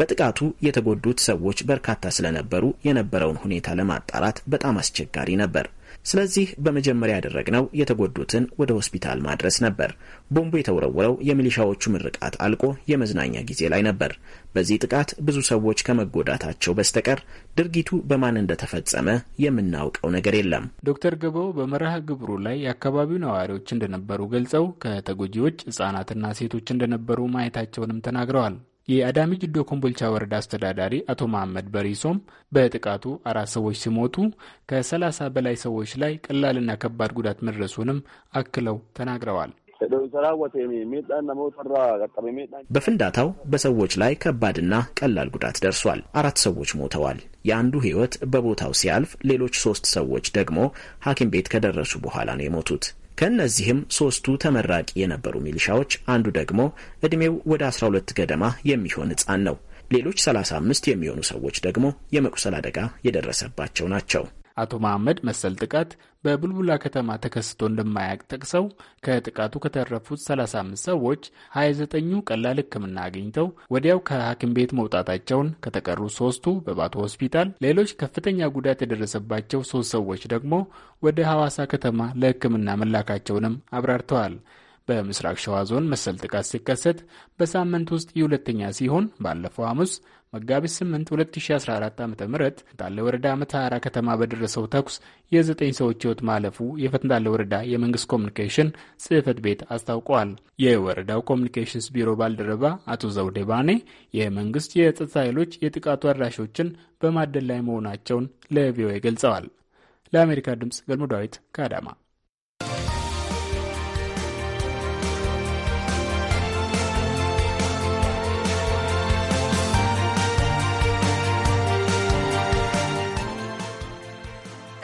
በጥቃቱ የተጎዱት ሰዎች በርካታ ስለነበሩ የነበረውን ሁኔታ ለማጣራት በጣም አስቸጋሪ ነበር። ስለዚህ በመጀመሪያ ያደረግነው የተጎዱትን ወደ ሆስፒታል ማድረስ ነበር። ቦምቡ የተወረወረው የሚሊሻዎቹ ምርቃት አልቆ የመዝናኛ ጊዜ ላይ ነበር። በዚህ ጥቃት ብዙ ሰዎች ከመጎዳታቸው በስተቀር ድርጊቱ በማን እንደተፈጸመ የምናውቀው ነገር የለም። ዶክተር ገበው በመርሃ ግብሩ ላይ የአካባቢው ነዋሪዎች እንደነበሩ ገልጸው ከተጎጂዎች ህጻናትና ሴቶች እንደነበሩ ማየታቸውንም ተናግረዋል። የአዳሚ ጅዶ ኮምቦልቻ ወረዳ አስተዳዳሪ አቶ መሐመድ በሪሶም በጥቃቱ አራት ሰዎች ሲሞቱ ከሰላሳ በላይ ሰዎች ላይ ቀላልና ከባድ ጉዳት መድረሱንም አክለው ተናግረዋል። በፍንዳታው በሰዎች ላይ ከባድና ቀላል ጉዳት ደርሷል። አራት ሰዎች ሞተዋል። የአንዱ ሕይወት በቦታው ሲያልፍ ሌሎች ሶስት ሰዎች ደግሞ ሐኪም ቤት ከደረሱ በኋላ ነው የሞቱት። ከእነዚህም ሶስቱ ተመራቂ የነበሩ ሚሊሻዎች አንዱ ደግሞ ዕድሜው ወደ 12 ገደማ የሚሆን ህጻን ነው። ሌሎች 35 የሚሆኑ ሰዎች ደግሞ የመቁሰል አደጋ የደረሰባቸው ናቸው። አቶ መሐመድ መሰል ጥቃት በቡልቡላ ከተማ ተከስቶ እንደማያውቅ ጠቅሰው ከጥቃቱ ከተረፉት 35 ሰዎች 29ኙ ቀላል ሕክምና አግኝተው ወዲያው ከሐኪም ቤት መውጣታቸውን፣ ከተቀሩ ሶስቱ በባቶ ሆስፒታል፣ ሌሎች ከፍተኛ ጉዳት የደረሰባቸው ሶስት ሰዎች ደግሞ ወደ ሐዋሳ ከተማ ለሕክምና መላካቸውንም አብራርተዋል። በምስራቅ ሸዋ ዞን መሰል ጥቃት ሲከሰት በሳምንት ውስጥ የሁለተኛ ሲሆን ባለፈው ሐሙስ መጋቢት 8 2014 ዓ ም ፈንታሌ ወረዳ መተሐራ ከተማ በደረሰው ተኩስ የዘጠኝ ሰዎች ሕይወት ማለፉ የፈንታሌ ወረዳ የመንግስት ኮሚኒኬሽን ጽሕፈት ቤት አስታውቀዋል። የወረዳው ኮሚኒኬሽንስ ቢሮ ባልደረባ አቶ ዘውዴ ባኔ የመንግስት የጸጥታ ኃይሎች የጥቃቱ አድራሾችን በማደን ላይ መሆናቸውን ለቪኦኤ ገልጸዋል። ለአሜሪካ ድምፅ ገልሞ ዳዊት ከአዳማ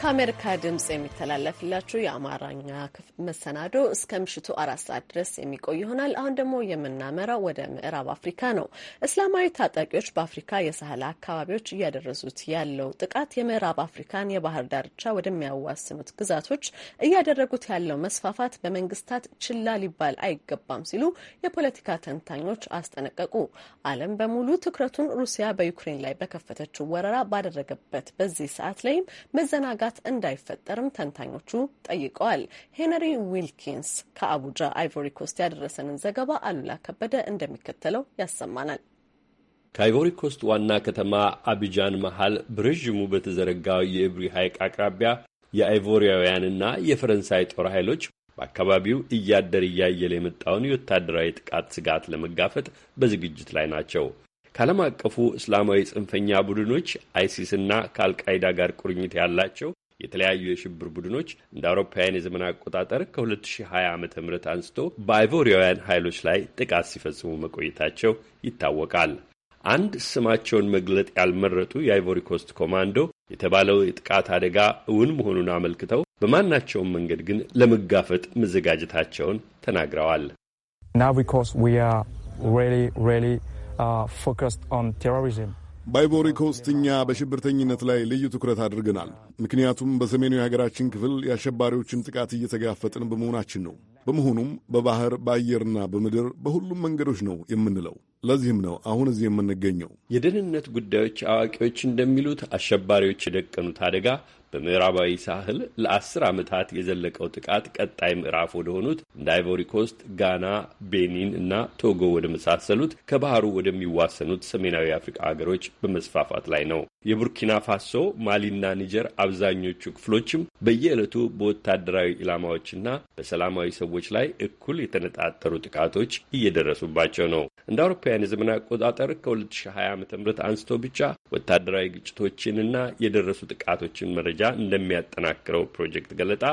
ከአሜሪካ ድምፅ የሚተላለፍላችሁ የአማርኛ መሰናዶ እስከ ምሽቱ አራት ሰዓት ድረስ የሚቆይ ይሆናል። አሁን ደግሞ የምናመራው ወደ ምዕራብ አፍሪካ ነው። እስላማዊ ታጣቂዎች በአፍሪካ የሳህል አካባቢዎች እያደረሱት ያለው ጥቃት የምዕራብ አፍሪካን የባህር ዳርቻ ወደሚያዋስኑት ግዛቶች እያደረጉት ያለው መስፋፋት በመንግስታት ችላ ሊባል አይገባም ሲሉ የፖለቲካ ተንታኞች አስጠነቀቁ። ዓለም በሙሉ ትኩረቱን ሩሲያ በዩክሬን ላይ በከፈተችው ወረራ ባደረገበት በዚህ ሰዓት ላይም መዘናጋት ጥቃት እንዳይፈጠርም ተንታኞቹ ጠይቀዋል። ሄነሪ ዊልኪንስ ከአቡጃ አይቮሪ ኮስት ያደረሰንን ዘገባ አሉላ ከበደ እንደሚከተለው ያሰማናል። ከአይቮሪ ኮስት ዋና ከተማ አቢጃን መሃል በረዥሙ በተዘረጋው የእብሪ ሐይቅ አቅራቢያ የአይቮሪያውያንና የፈረንሳይ ጦር ኃይሎች በአካባቢው እያደር እያየለ የመጣውን የወታደራዊ ጥቃት ስጋት ለመጋፈጥ በዝግጅት ላይ ናቸው። ከዓለም አቀፉ እስላማዊ ጽንፈኛ ቡድኖች አይሲስና ከአልቃይዳ ጋር ቁርኝት ያላቸው የተለያዩ የሽብር ቡድኖች እንደ አውሮፓውያን የዘመን አቆጣጠር ከ2020 ዓ ም አንስቶ በአይቮሪያውያን ኃይሎች ላይ ጥቃት ሲፈጽሙ መቆየታቸው ይታወቃል። አንድ ስማቸውን መግለጥ ያልመረጡ የአይቮሪ ኮስት ኮማንዶ የተባለው የጥቃት አደጋ እውን መሆኑን አመልክተው በማናቸውም መንገድ ግን ለመጋፈጥ መዘጋጀታቸውን ተናግረዋል። ና ቢኮዝ ዊ አር ሪሊ ፎከስድ ኦን ቴሮሪዝም በአይቮሪ ኮስት እኛ በሽብርተኝነት ላይ ልዩ ትኩረት አድርገናል። ምክንያቱም በሰሜኑ የሀገራችን ክፍል የአሸባሪዎችን ጥቃት እየተጋፈጥን በመሆናችን ነው። በመሆኑም በባህር በአየርና በምድር በሁሉም መንገዶች ነው የምንለው። ለዚህም ነው አሁን እዚህ የምንገኘው። የደህንነት ጉዳዮች አዋቂዎች እንደሚሉት አሸባሪዎች የደቀኑት አደጋ በምዕራባዊ ሳህል ለአስር ዓመታት የዘለቀው ጥቃት ቀጣይ ምዕራፍ ወደሆኑት እንደ አይቮሪ ኮስት፣ ጋና፣ ቤኒን እና ቶጎ ወደ መሳሰሉት ከባህሩ ወደሚዋሰኑት ሰሜናዊ አፍሪካ ሀገሮች በመስፋፋት ላይ ነው። የቡርኪና ፋሶ፣ ማሊና ኒጀር አብዛኞቹ ክፍሎችም በየዕለቱ በወታደራዊ ኢላማዎችና በሰላማዊ ሰዎች ላይ እኩል የተነጣጠሩ ጥቃቶች እየደረሱባቸው ነው። እንደ አውሮፓውያን የዘመን አቆጣጠር ከ2020 ዓ ም አንስቶ ብቻ ወታደራዊ ግጭቶችንና የደረሱ ጥቃቶችን መረጃ እንደሚያጠናክረው ፕሮጀክት ገለጣ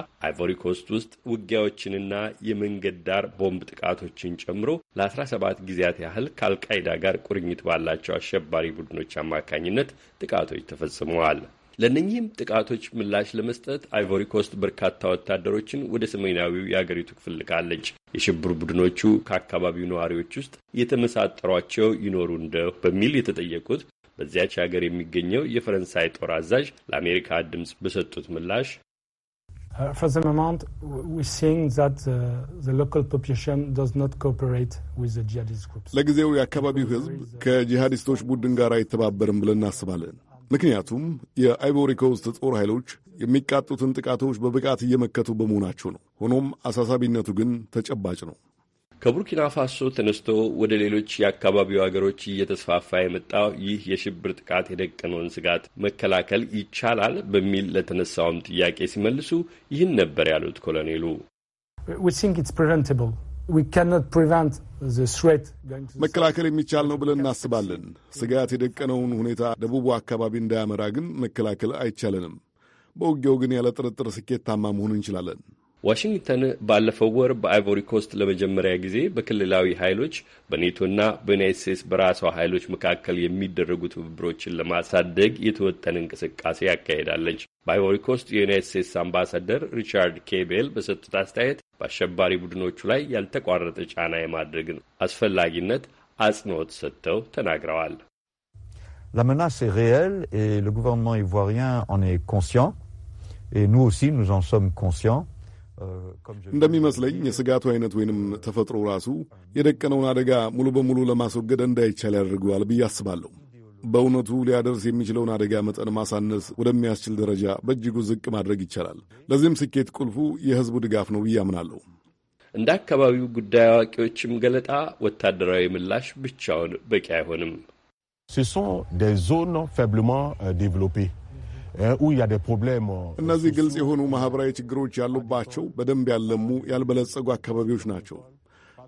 ኮስት ውስጥ ውጊያዎችንና የመንገድ ዳር ቦምብ ጥቃቶችን ጨምሮ ለ17 ጊዜያት ያህል ከአልቃይዳ ጋር ቁርኝት ባላቸው አሸባሪ ቡድኖች አማካኝነት ጥቃቶች ተፈጽመዋል። ለእነኚህም ጥቃቶች ምላሽ ለመስጠት ኮስት በርካታ ወታደሮችን ወደ ሰሜናዊው የአገሪቱ ክፍል ልካለች። የሽብር ቡድኖቹ ከአካባቢው ነዋሪዎች ውስጥ የተመሳጠሯቸው ይኖሩ እንደ በሚል የተጠየቁት በዚያች ሀገር የሚገኘው የፈረንሳይ ጦር አዛዥ ለአሜሪካ ድምፅ በሰጡት ምላሽ uh, uh, ለጊዜው የአካባቢው ሕዝብ ከጂሃዲስቶች ቡድን ጋር አይተባበርም ብለን እናስባለን። ምክንያቱም የአይቮሪ ጦር ኃይሎች የሚቃጡትን ጥቃቶች በብቃት እየመከቱ በመሆናቸው ነው። ሆኖም አሳሳቢነቱ ግን ተጨባጭ ነው። ከቡርኪና ፋሶ ተነስቶ ወደ ሌሎች የአካባቢው ሀገሮች እየተስፋፋ የመጣው ይህ የሽብር ጥቃት የደቀነውን ስጋት መከላከል ይቻላል በሚል ለተነሳውም ጥያቄ ሲመልሱ ይህን ነበር ያሉት ኮሎኔሉ። መከላከል የሚቻል ነው ብለን እናስባለን። ስጋት የደቀነውን ሁኔታ ደቡቡ አካባቢ እንዳያመራ ግን መከላከል አይቻለንም። በውጊያው ግን ያለ ጥርጥር ስኬታማ መሆን እንችላለን። ዋሽንግተን ባለፈው ወር በአይቮሪ ኮስት ለመጀመሪያ ጊዜ በክልላዊ ኃይሎች በኔቶና በዩናይት ስቴትስ በራሷ ኃይሎች መካከል የሚደረጉ ትብብሮችን ለማሳደግ የተወጠነ እንቅስቃሴ ያካሄዳለች። በአይቮሪ ኮስት የዩናይት ስቴትስ አምባሳደር ሪቻርድ ኬቤል በሰጡት አስተያየት በአሸባሪ ቡድኖቹ ላይ ያልተቋረጠ ጫና የማድረግን አስፈላጊነት አጽንኦት ሰጥተው ተናግረዋል። La menace est réelle et le gouvernement ivoirien en est conscient et nous aussi nous en sommes conscients. እንደሚመስለኝ የስጋቱ አይነት ወይንም ተፈጥሮ ራሱ የደቀነውን አደጋ ሙሉ በሙሉ ለማስወገድ እንዳይቻል ያደርገዋል ብዬ አስባለሁ። በእውነቱ ሊያደርስ የሚችለውን አደጋ መጠን ማሳነስ ወደሚያስችል ደረጃ በእጅጉ ዝቅ ማድረግ ይቻላል። ለዚህም ስኬት ቁልፉ የህዝቡ ድጋፍ ነው ብዬ አምናለሁ። እንደ አካባቢው ጉዳይ አዋቂዎችም ገለጣ ወታደራዊ ምላሽ ብቻውን በቂ አይሆንም። ሶ ዞን ፌብልማ ዴቨሎፔ እነዚህ ግልጽ የሆኑ ማኅበራዊ ችግሮች ያሉባቸው በደንብ ያለሙ ያልበለጸጉ አካባቢዎች ናቸው።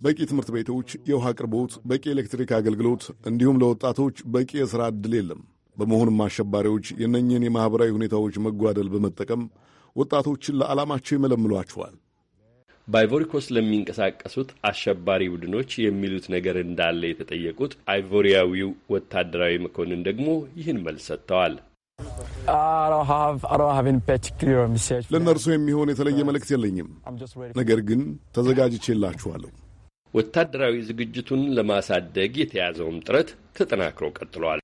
በቂ ትምህርት ቤቶች፣ የውሃ አቅርቦት፣ በቂ ኤሌክትሪክ አገልግሎት እንዲሁም ለወጣቶች በቂ የሥራ ዕድል የለም። በመሆኑም አሸባሪዎች የነኝን የማኅበራዊ ሁኔታዎች መጓደል በመጠቀም ወጣቶችን ለዓላማቸው ይመለምሏቸዋል። በአይቮሪኮስ ለሚንቀሳቀሱት አሸባሪ ቡድኖች የሚሉት ነገር እንዳለ የተጠየቁት አይቮሪያዊው ወታደራዊ መኮንን ደግሞ ይህን መልስ ሰጥተዋል። ለእነርሱ የሚሆን የተለየ መልእክት የለኝም፣ ነገር ግን ተዘጋጅቼላችኋለሁ። ወታደራዊ ዝግጅቱን ለማሳደግ የተያዘውም ጥረት ተጠናክሮ ቀጥሏል።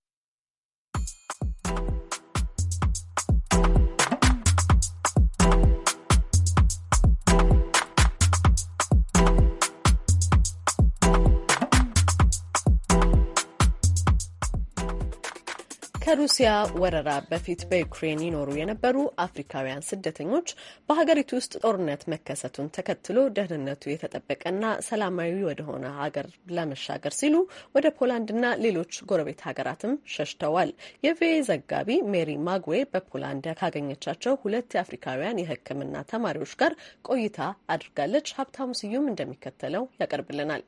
ከሩሲያ ወረራ በፊት በዩክሬን ይኖሩ የነበሩ አፍሪካውያን ስደተኞች በሀገሪቱ ውስጥ ጦርነት መከሰቱን ተከትሎ ደህንነቱ የተጠበቀና ሰላማዊ ወደሆነ ሀገር ለመሻገር ሲሉ ወደ ፖላንድና ሌሎች ጎረቤት ሀገራትም ሸሽተዋል። የቪኦኤ ዘጋቢ ሜሪ ማግዌ በፖላንድ ካገኘቻቸው ሁለት የአፍሪካውያን የሕክምና ተማሪዎች ጋር ቆይታ አድርጋለች። ሀብታሙ ስዩም እንደሚከተለው ያቀርብልናል።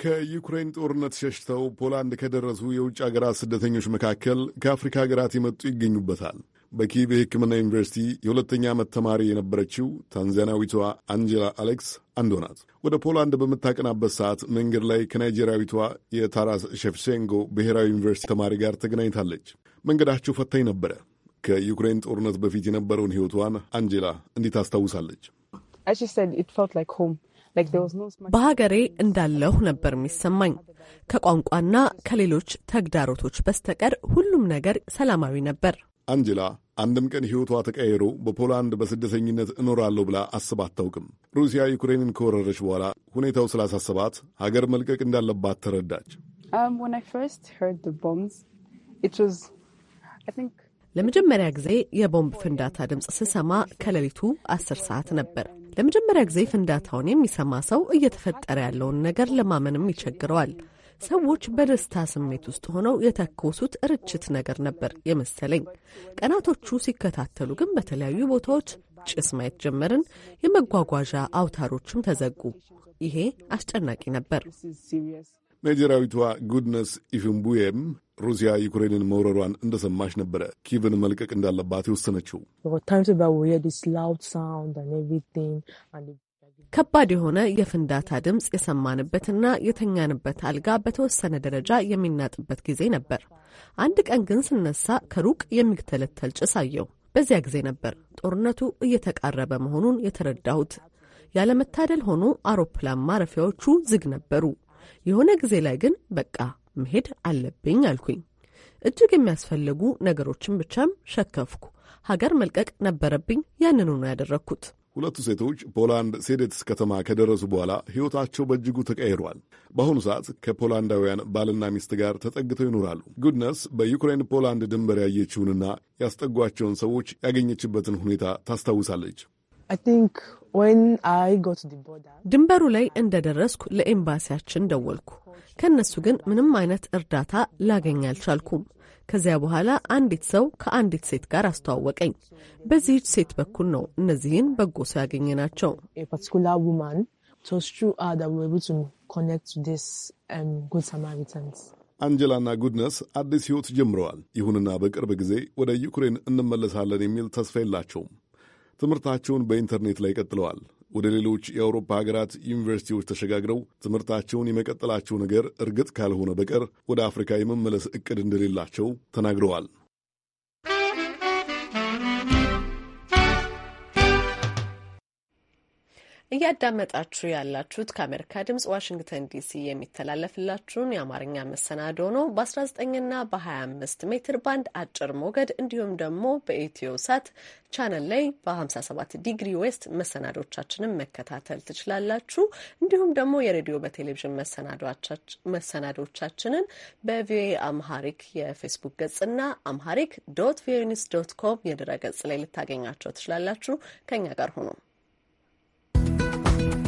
ከዩክሬን ጦርነት ሸሽተው ፖላንድ ከደረሱ የውጭ ሀገራት ስደተኞች መካከል ከአፍሪካ ሀገራት የመጡ ይገኙበታል። በኪቭ የሕክምና ዩኒቨርሲቲ የሁለተኛ ዓመት ተማሪ የነበረችው ታንዛኒያዊቷ አንጀላ አሌክስ አንዷ ናት። ወደ ፖላንድ በምታቀናበት ሰዓት መንገድ ላይ ከናይጄሪያዊቷ የታራስ ሸፍሴንጎ ብሔራዊ ዩኒቨርሲቲ ተማሪ ጋር ተገናኝታለች። መንገዳቸው ፈታኝ ነበረ። ከዩክሬን ጦርነት በፊት የነበረውን ሕይወቷን አንጀላ እንዴት አስታውሳለች። በሀገሬ እንዳለሁ ነበር የሚሰማኝ። ከቋንቋና ከሌሎች ተግዳሮቶች በስተቀር ሁሉም ነገር ሰላማዊ ነበር። አንጀላ አንድም ቀን ሕይወቷ ተቀይሮ በፖላንድ በስደተኝነት እኖራለሁ ብላ አስብ አታውቅም። ሩሲያ ዩክሬንን ከወረረች በኋላ ሁኔታው ስላሳሰባት ሀገር መልቀቅ እንዳለባት ተረዳች። um, ለመጀመሪያ ጊዜ የቦምብ ፍንዳታ ድምፅ ስሰማ ከሌሊቱ አስር ሰዓት ነበር። ለመጀመሪያ ጊዜ ፍንዳታውን የሚሰማ ሰው እየተፈጠረ ያለውን ነገር ለማመንም ይቸግረዋል። ሰዎች በደስታ ስሜት ውስጥ ሆነው የተኮሱት ርችት ነገር ነበር የመሰለኝ። ቀናቶቹ ሲከታተሉ ግን በተለያዩ ቦታዎች ጭስ ማየት ጀመርን። የመጓጓዣ አውታሮችም ተዘጉ። ይሄ አስጨናቂ ነበር። ናይጄሪያዊቷ ጉድነስ ኢፍምቡዬም ሩሲያ ዩክሬንን መውረሯን እንደሰማች ነበረ ኪቭን መልቀቅ እንዳለባት የወሰነችው። ከባድ የሆነ የፍንዳታ ድምፅ የሰማንበትና የተኛንበት አልጋ በተወሰነ ደረጃ የሚናጥበት ጊዜ ነበር። አንድ ቀን ግን ስነሳ ከሩቅ የሚተለተል ጭስ አየው። በዚያ ጊዜ ነበር ጦርነቱ እየተቃረበ መሆኑን የተረዳሁት። ያለመታደል ሆኖ አውሮፕላን ማረፊያዎቹ ዝግ ነበሩ። የሆነ ጊዜ ላይ ግን በቃ መሄድ አለብኝ አልኩኝ። እጅግ የሚያስፈልጉ ነገሮችን ብቻም ሸከፍኩ። ሀገር መልቀቅ ነበረብኝ። ያንኑ ነው ያደረግኩት። ሁለቱ ሴቶች ፖላንድ ሴዴትስ ከተማ ከደረሱ በኋላ ሕይወታቸው በእጅጉ ተቀይሯል። በአሁኑ ሰዓት ከፖላንዳውያን ባልና ሚስት ጋር ተጠግተው ይኖራሉ። ጉድነስ በዩክሬን ፖላንድ ድንበር ያየችውንና ያስጠጓቸውን ሰዎች ያገኘችበትን ሁኔታ ታስታውሳለች። ድንበሩ ላይ እንደደረስኩ ለኤምባሲያችን ደወልኩ። ከእነሱ ግን ምንም አይነት እርዳታ ላገኝ አልቻልኩም። ከዚያ በኋላ አንዲት ሰው ከአንዲት ሴት ጋር አስተዋወቀኝ። በዚህች ሴት በኩል ነው እነዚህን በጎ ሰው ያገኘ ናቸው። uh, um, አንጀላና ጉድነስ አዲስ ሕይወት ጀምረዋል። ይሁንና በቅርብ ጊዜ ወደ ዩክሬን እንመለሳለን የሚል ተስፋ የላቸውም። ትምህርታቸውን በኢንተርኔት ላይ ቀጥለዋል። ወደ ሌሎች የአውሮፓ ሀገራት ዩኒቨርሲቲዎች ተሸጋግረው ትምህርታቸውን የመቀጠላቸው ነገር እርግጥ ካልሆነ በቀር ወደ አፍሪካ የመመለስ እቅድ እንደሌላቸው ተናግረዋል። እያዳመጣችሁ ያላችሁት ከአሜሪካ ድምጽ ዋሽንግተን ዲሲ የሚተላለፍላችሁን የአማርኛ መሰናዶ ነው። በ19ና በ25 ሜትር ባንድ አጭር ሞገድ እንዲሁም ደግሞ በኢትዮ ሳት ቻነል ላይ በ57 ዲግሪ ዌስት መሰናዶቻችንን መከታተል ትችላላችሁ። እንዲሁም ደግሞ የሬዲዮ በቴሌቪዥን መሰናዶቻችንን በቪኦኤ አምሃሪክ የፌስቡክ ገጽና አምሃሪክ ዶት ቪኦኤ ኒውስ ዶት ኮም የድረ ገጽ ላይ ልታገኛቸው ትችላላችሁ። ከኛ ጋር ሆኖ Bye.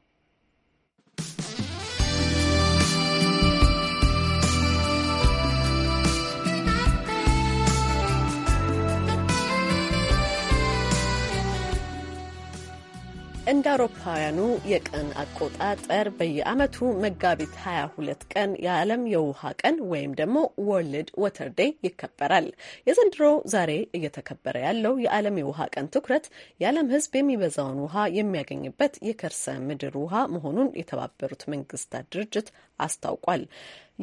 እንደ አውሮፓውያኑ የቀን አቆጣጠር በየዓመቱ መጋቢት 22 ቀን የዓለም የውሃ ቀን ወይም ደግሞ ወርልድ ወተር ዴይ ይከበራል። የዘንድሮ ዛሬ እየተከበረ ያለው የዓለም የውሃ ቀን ትኩረት የዓለም ሕዝብ የሚበዛውን ውሃ የሚያገኝበት የከርሰ ምድር ውሃ መሆኑን የተባበሩት መንግስታት ድርጅት አስታውቋል።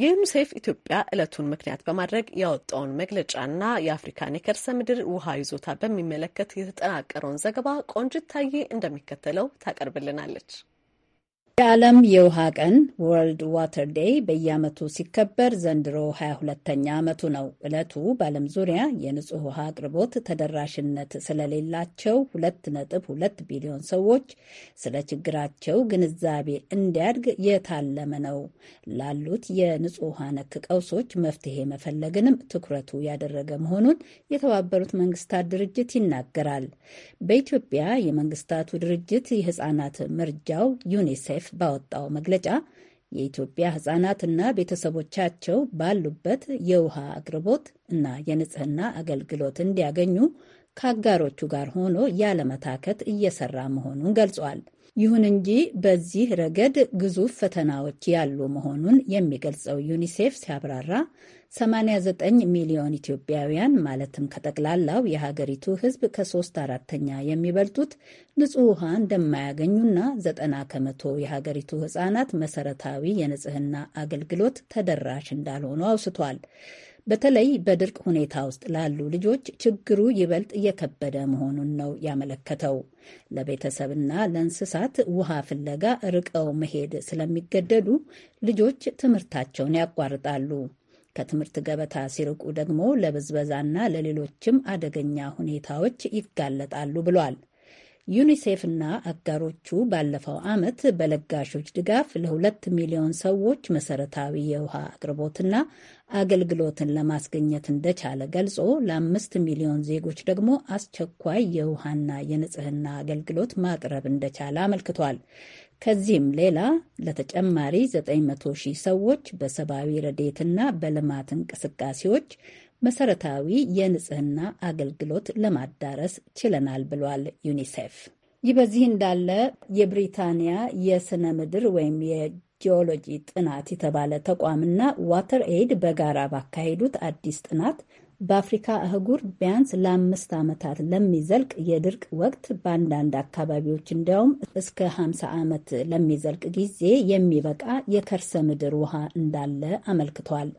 የዩኒሴፍ ኢትዮጵያ ዕለቱን ምክንያት በማድረግ ያወጣውን መግለጫና የአፍሪካን የከርሰ ምድር ውሃ ይዞታ በሚመለከት የተጠናቀረውን ዘገባ ቆንጅት ታዬ እንደሚከተለው ታቀርብልናለች። የዓለም የውሃ ቀን ወርልድ ዋተር ዴይ በየዓመቱ ሲከበር ዘንድሮ 22ተኛ ዓመቱ ነው። ዕለቱ በዓለም ዙሪያ የንጹህ ውሃ አቅርቦት ተደራሽነት ስለሌላቸው 2.2 ቢሊዮን ሰዎች ስለ ችግራቸው ግንዛቤ እንዲያድግ የታለመ ነው። ላሉት የንጹህ ውሃ ነክ ቀውሶች መፍትሄ መፈለግንም ትኩረቱ ያደረገ መሆኑን የተባበሩት መንግስታት ድርጅት ይናገራል። በኢትዮጵያ የመንግስታቱ ድርጅት የህፃናት መርጃው ዩኒሴፍ ባወጣው መግለጫ የኢትዮጵያ ህጻናትና ቤተሰቦቻቸው ባሉበት የውሃ አቅርቦት እና የንጽህና አገልግሎት እንዲያገኙ ከአጋሮቹ ጋር ሆኖ ያለመታከት እየሰራ መሆኑን ገልጿል። ይሁን እንጂ በዚህ ረገድ ግዙፍ ፈተናዎች ያሉ መሆኑን የሚገልጸው ዩኒሴፍ ሲያብራራ 89 ሚሊዮን ኢትዮጵያውያን ማለትም ከጠቅላላው የሀገሪቱ ሕዝብ ከሶስት አራተኛ የሚበልጡት ንጹህ ውሃ እንደማያገኙና ዘጠና ከመቶ የሀገሪቱ ሕጻናት መሰረታዊ የንጽህና አገልግሎት ተደራሽ እንዳልሆኑ አውስቷል። በተለይ በድርቅ ሁኔታ ውስጥ ላሉ ልጆች ችግሩ ይበልጥ እየከበደ መሆኑን ነው ያመለከተው። ለቤተሰብና ለእንስሳት ውሃ ፍለጋ ርቀው መሄድ ስለሚገደዱ ልጆች ትምህርታቸውን ያቋርጣሉ። ከትምህርት ገበታ ሲርቁ ደግሞ ለብዝበዛና ለሌሎችም አደገኛ ሁኔታዎች ይጋለጣሉ ብሏል። ዩኒሴፍና አጋሮቹ ባለፈው ዓመት በለጋሾች ድጋፍ ለሁለት ሚሊዮን ሰዎች መሰረታዊ የውሃ አቅርቦትና አገልግሎትን ለማስገኘት እንደቻለ ገልጾ ለአምስት ሚሊዮን ዜጎች ደግሞ አስቸኳይ የውሃና የንጽህና አገልግሎት ማቅረብ እንደቻለ አመልክቷል። ከዚህም ሌላ ለተጨማሪ 900 ሺህ ሰዎች በሰብአዊ ረዴትና በልማት እንቅስቃሴዎች መሰረታዊ የንጽህና አገልግሎት ለማዳረስ ችለናል ብሏል ዩኒሴፍ። ይህ በዚህ እንዳለ የብሪታንያ የስነ ምድር ወይም ጂኦሎጂ ጥናት የተባለ ተቋምና ዋተር ኤድ በጋራ ባካሄዱት አዲስ ጥናት በአፍሪካ አህጉር ቢያንስ ለአምስት ዓመታት ለሚዘልቅ የድርቅ ወቅት በአንዳንድ አካባቢዎች እንዲያውም እስከ 50 ዓመት ለሚዘልቅ ጊዜ የሚበቃ የከርሰ ምድር ውሃ እንዳለ አመልክቷል።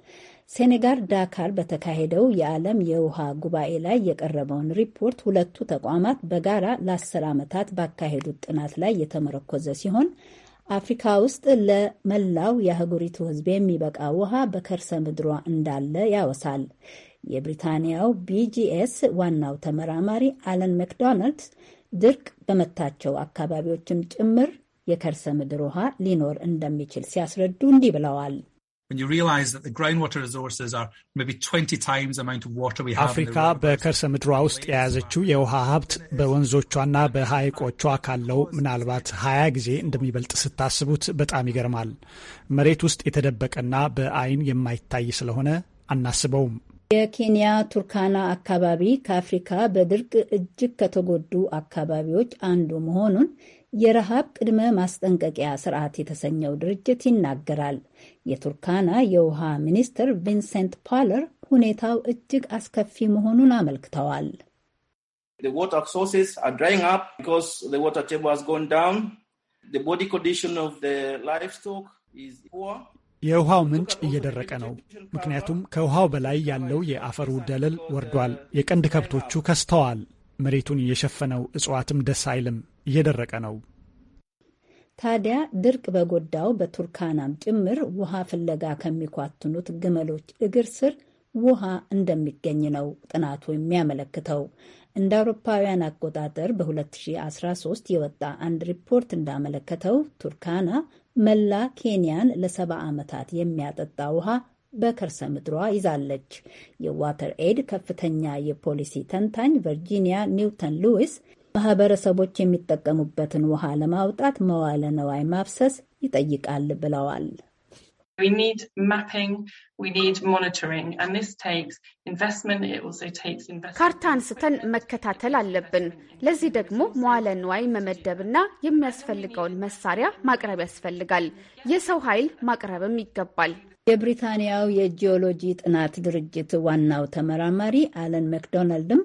ሴኔጋል ዳካር በተካሄደው የዓለም የውሃ ጉባኤ ላይ የቀረበውን ሪፖርት ሁለቱ ተቋማት በጋራ ለአስር ዓመታት ባካሄዱት ጥናት ላይ የተመረኮዘ ሲሆን አፍሪካ ውስጥ ለመላው የአህጉሪቱ ሕዝብ የሚበቃ ውሃ በከርሰ ምድሯ እንዳለ ያወሳል። የብሪታንያው ቢጂኤስ ዋናው ተመራማሪ አለን መክዶናልድ ድርቅ በመታቸው አካባቢዎችም ጭምር የከርሰ ምድር ውሃ ሊኖር እንደሚችል ሲያስረዱ እንዲህ ብለዋል። አፍሪካ በከርሰ ምድሯ ውስጥ የያዘችው የውሃ ሀብት በወንዞቿና በሐይቆቿ ካለው ምናልባት ሀያ ጊዜ እንደሚበልጥ ስታስቡት በጣም ይገርማል። መሬት ውስጥ የተደበቀና በአይን የማይታይ ስለሆነ አናስበውም። የኬንያ ቱርካና አካባቢ ከአፍሪካ በድርቅ እጅግ ከተጎዱ አካባቢዎች አንዱ መሆኑን የረሃብ ቅድመ ማስጠንቀቂያ ስርዓት የተሰኘው ድርጅት ይናገራል። የቱርካና የውሃ ሚኒስትር ቪንሰንት ፓለር ሁኔታው እጅግ አስከፊ መሆኑን አመልክተዋል። የውሃው ምንጭ እየደረቀ ነው፣ ምክንያቱም ከውሃው በላይ ያለው የአፈሩ ደለል ወርዷል። የቀንድ ከብቶቹ ከስተዋል። መሬቱን የሸፈነው እጽዋትም ደስ አይልም፣ እየደረቀ ነው። ታዲያ ድርቅ በጎዳው በቱርካናም ጭምር ውሃ ፍለጋ ከሚኳትኑት ግመሎች እግር ስር ውሃ እንደሚገኝ ነው ጥናቱ የሚያመለክተው። እንደ አውሮፓውያን አቆጣጠር በ2013 የወጣ አንድ ሪፖርት እንዳመለከተው ቱርካና መላ ኬንያን ለሰባ ዓመታት የሚያጠጣ ውሃ በከርሰ ምድሯ ይዛለች። የዋተር ኤድ ከፍተኛ የፖሊሲ ተንታኝ ቨርጂኒያ ኒውተን ሉዊስ ማህበረሰቦች የሚጠቀሙበትን ውሃ ለማውጣት መዋለ ነዋይ ማፍሰስ ይጠይቃል ብለዋል። ካርታ አንስተን መከታተል አለብን። ለዚህ ደግሞ መዋለ ንዋይ መመደብና የሚያስፈልገውን መሳሪያ ማቅረብ ያስፈልጋል። የሰው ኃይል ማቅረብም ይገባል። የብሪታንያው የጂኦሎጂ ጥናት ድርጅት ዋናው ተመራማሪ አለን መክዶናልድም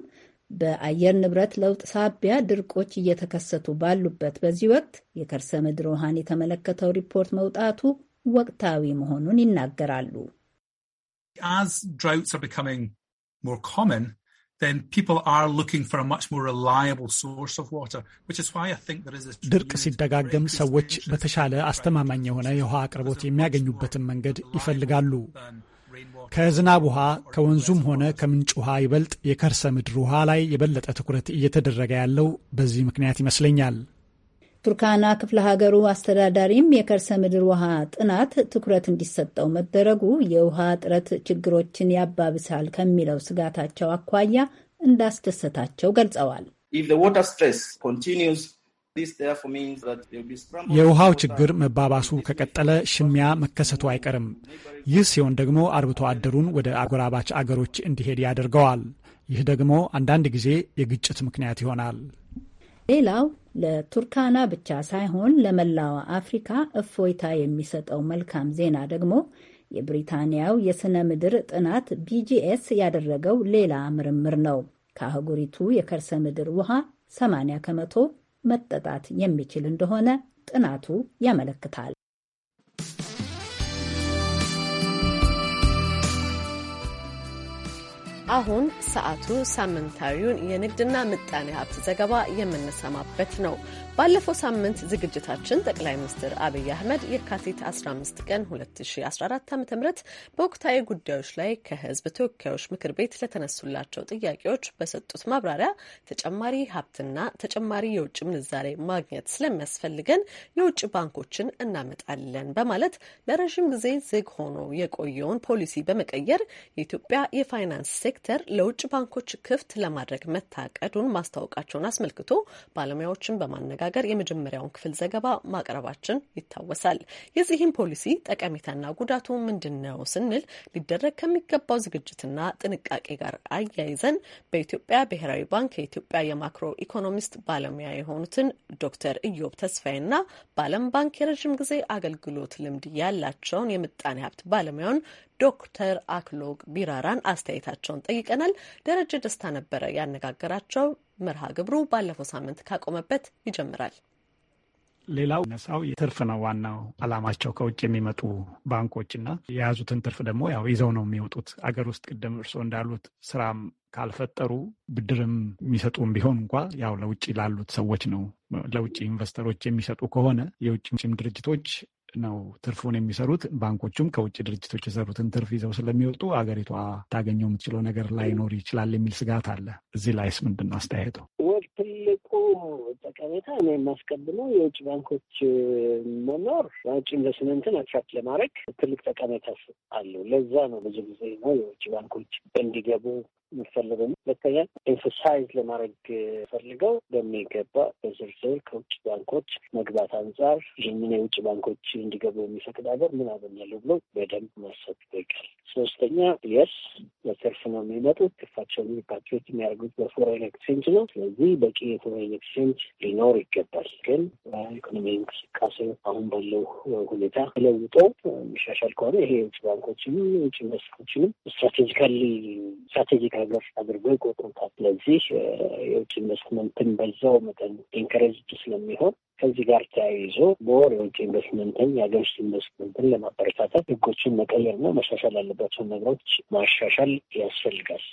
በአየር ንብረት ለውጥ ሳቢያ ድርቆች እየተከሰቱ ባሉበት በዚህ ወቅት የከርሰ ምድር ውሃን የተመለከተው ሪፖርት መውጣቱ ወቅታዊ መሆኑን ይናገራሉ። As droughts are becoming more common, ድርቅ ሲደጋገም ሰዎች በተሻለ አስተማማኝ የሆነ የውሃ አቅርቦት የሚያገኙበትን መንገድ ይፈልጋሉ። ከዝናብ ውሃ ከወንዙም ሆነ ከምንጭ ውሃ ይበልጥ የከርሰ ምድር ውሃ ላይ የበለጠ ትኩረት እየተደረገ ያለው በዚህ ምክንያት ይመስለኛል። ቱርካና ክፍለ ሀገሩ አስተዳዳሪም የከርሰ ምድር ውሃ ጥናት ትኩረት እንዲሰጠው መደረጉ የውሃ እጥረት ችግሮችን ያባብሳል ከሚለው ስጋታቸው አኳያ እንዳስደሰታቸው ገልጸዋል። የውሃው ችግር መባባሱ ከቀጠለ ሽሚያ መከሰቱ አይቀርም። ይህ ሲሆን ደግሞ አርብቶ አደሩን ወደ አጎራባች አገሮች እንዲሄድ ያደርገዋል። ይህ ደግሞ አንዳንድ ጊዜ የግጭት ምክንያት ይሆናል። ሌላው ለቱርካና ብቻ ሳይሆን ለመላው አፍሪካ እፎይታ የሚሰጠው መልካም ዜና ደግሞ የብሪታንያው የሥነ ምድር ጥናት ቢጂኤስ ያደረገው ሌላ ምርምር ነው። ከአህጉሪቱ የከርሰ ምድር ውሃ 80 ከመቶ መጠጣት የሚችል እንደሆነ ጥናቱ ያመለክታል። አሁን ሰዓቱ ሳምንታዊውን የንግድና ምጣኔ ሀብት ዘገባ የምንሰማበት ነው። ባለፈው ሳምንት ዝግጅታችን ጠቅላይ ሚኒስትር አብይ አህመድ የካቲት 15 ቀን 2014 ዓ ም በወቅታዊ ጉዳዮች ላይ ከህዝብ ተወካዮች ምክር ቤት ለተነሱላቸው ጥያቄዎች በሰጡት ማብራሪያ ተጨማሪ ሀብትና ተጨማሪ የውጭ ምንዛሬ ማግኘት ስለሚያስፈልገን የውጭ ባንኮችን እናመጣለን በማለት ለረዥም ጊዜ ዝግ ሆኖ የቆየውን ፖሊሲ በመቀየር የኢትዮጵያ የፋይናንስ ሴክተር ለውጭ ባንኮች ክፍት ለማድረግ መታቀዱን ማስታወቃቸውን አስመልክቶ ባለሙያዎችን በማነጋ በማነጋገር የመጀመሪያውን ክፍል ዘገባ ማቅረባችን ይታወሳል። የዚህም ፖሊሲ ጠቀሜታና ጉዳቱ ምንድን ነው ስንል ሊደረግ ከሚገባው ዝግጅትና ጥንቃቄ ጋር አያይዘን በኢትዮጵያ ብሔራዊ ባንክ የኢትዮጵያ የማክሮ ኢኮኖሚስት ባለሙያ የሆኑትን ዶክተር ኢዮብ ተስፋዬና በዓለም ባንክ የረዥም ጊዜ አገልግሎት ልምድ ያላቸውን የምጣኔ ሀብት ባለሙያውን ዶክተር አክሎግ ቢራራን አስተያየታቸውን ጠይቀናል። ደረጀ ደስታ ነበረ ያነጋገራቸው። መርሃ ግብሩ ባለፈው ሳምንት ካቆመበት ይጀምራል። ሌላው ነሳው ትርፍ ነው። ዋናው አላማቸው ከውጭ የሚመጡ ባንኮች እና የያዙትን ትርፍ ደግሞ ያው ይዘው ነው የሚወጡት። አገር ውስጥ ቅድም እርስዎ እንዳሉት ስራም ካልፈጠሩ ብድርም የሚሰጡም ቢሆን እንኳ ያው ለውጭ ላሉት ሰዎች ነው ለውጭ ኢንቨስተሮች የሚሰጡ ከሆነ የውጭ ድርጅቶች ነው ትርፉን የሚሰሩት። ባንኮቹም ከውጭ ድርጅቶች የሰሩትን ትርፍ ይዘው ስለሚወጡ አገሪቷ ታገኘው የምትችለው ነገር ላይኖር ይችላል የሚል ስጋት አለ። እዚህ ላይስ ምንድን ነው አስተያየቱ? ወል ትልቅ ጠቀሜታ እኔ የማስቀብለው የውጭ ባንኮች መኖር ውጭ ኢንቨስትመንትን አትራክት ለማድረግ ትልቅ ጠቀሜታ አለው። ለዛ ነው ብዙ ጊዜ ነው የውጭ ባንኮች እንዲገቡ የምፈልገው። ሁለተኛ ኤንፈሳይዝ ለማድረግ ፈልገው በሚገባ በዝርዝር ከውጭ ባንኮች መግባት አንጻር ይህንን የውጭ ባንኮች እንዲገቡ የሚፈቅድ ሀገር ምን አገኛለሁ ብሎ በደንብ ማሰብ ይጠይቃል። ሶስተኛ የስ በትርፍ ነው የሚመጡት ትርፋቸውን ሪፓትሪት የሚያደርጉት በፎሬን ኤክስቼንጅ ነው። ስለዚህ በቂ የፎሬን ኤክስቼንጅ ሊኖር ይገባል። ግን ኢኮኖሚ እንቅስቃሴ አሁን ባለው ሁኔታ ተለውጦ የሚሻሻል ከሆነ ይሄ የውጭ ባንኮችንም የውጭ ኢንቨስተሮችንም ስትራቴጂካሊ ስትራቴጂክ ሀገር አድርጎ ይቆጥሩታል። ስለዚህ የውጭ ኢንቨስትመንትን በዛው መጠን ኢንከሬጅድ ስለሚሆን ከዚህ ጋር ተያይዞ በወር የውጭ ኢንቨስትመንትን የሀገር ውስጥ ኢንቨስትመንትን ለማበረታታት ህጎችን መቀየርና መሻሻል ያለባቸውን ነገሮች ማሻሻል ያስፈልጋል።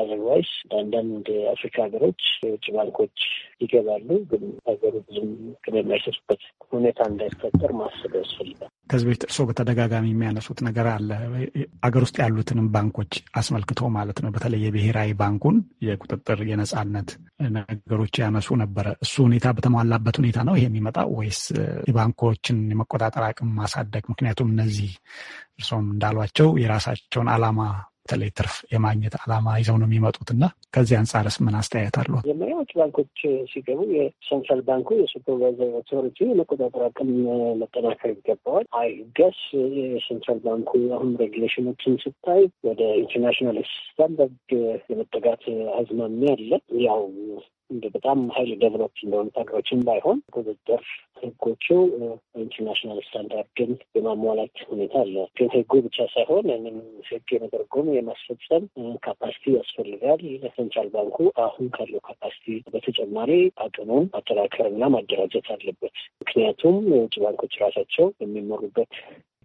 አዘርዋይስ አንዳንድ አፍሪካ ሀገሮች የውጭ ባንኮች ይገባሉ፣ ግን ሀገሩ ብዙም ቅድሚያ የማይሰጡበት ሁኔታ እንዳይፈጠር ማሰብ ያስፈልጋል። ከዚህ በፊት እርስዎ በተደጋጋሚ የሚያነሱት ነገር አለ። አገር ውስጥ ያሉትንም ባንኮች አስመልክቶ ማለት ነው። በተለይ የብሔራዊ ባንኩን የቁጥጥር የነጻነት ነገሮች ያነሱ ነበረ። እሱ ሁኔታ በተሟላበት ሁኔታ ነው ይሄ የሚመጣው ወይስ የባንኮችን የመቆጣጠር አቅም ማሳደግ? ምክንያቱም እነዚህ እርስዎም እንዳሏቸው የራሳቸውን አላማ በተለይ ትርፍ የማግኘት ዓላማ ይዘው ነው የሚመጡት እና ከዚህ አንጻርስ ምን አስተያየት አሉ? መሪያዎች ባንኮች ሲገቡ የሴንትራል ባንኩ የሱፐርቫይዘር ኦቶሪቲ የመቆጣጠር አቅም መጠናከር ይገባዋል። አይ ገስ የሴንትራል ባንኩ አሁን ሬጉሌሽኖችን ስታይ ወደ ኢንተርናሽናል ስታንዳርድ የመጠጋት አዝማሚያ አለ ያው እንደ በጣም ሀይል ደቨሎፕ እንደሆኑ ሀገሮችን ባይሆን ቁጥጥር ህጎቹ ኢንተርናሽናል ስታንዳርድን የማሟላት ሁኔታ አለ። ግን ህጉ ብቻ ሳይሆን ያንን ህግ የመተርጎም የማስፈጸም ካፓሲቲ ያስፈልጋል። ለሰንትራል ባንኩ አሁን ካለው ካፓሲቲ በተጨማሪ አቅሙን አጠናከርና ማደራጀት አለበት። ምክንያቱም የውጭ ባንኮች ራሳቸው የሚመሩበት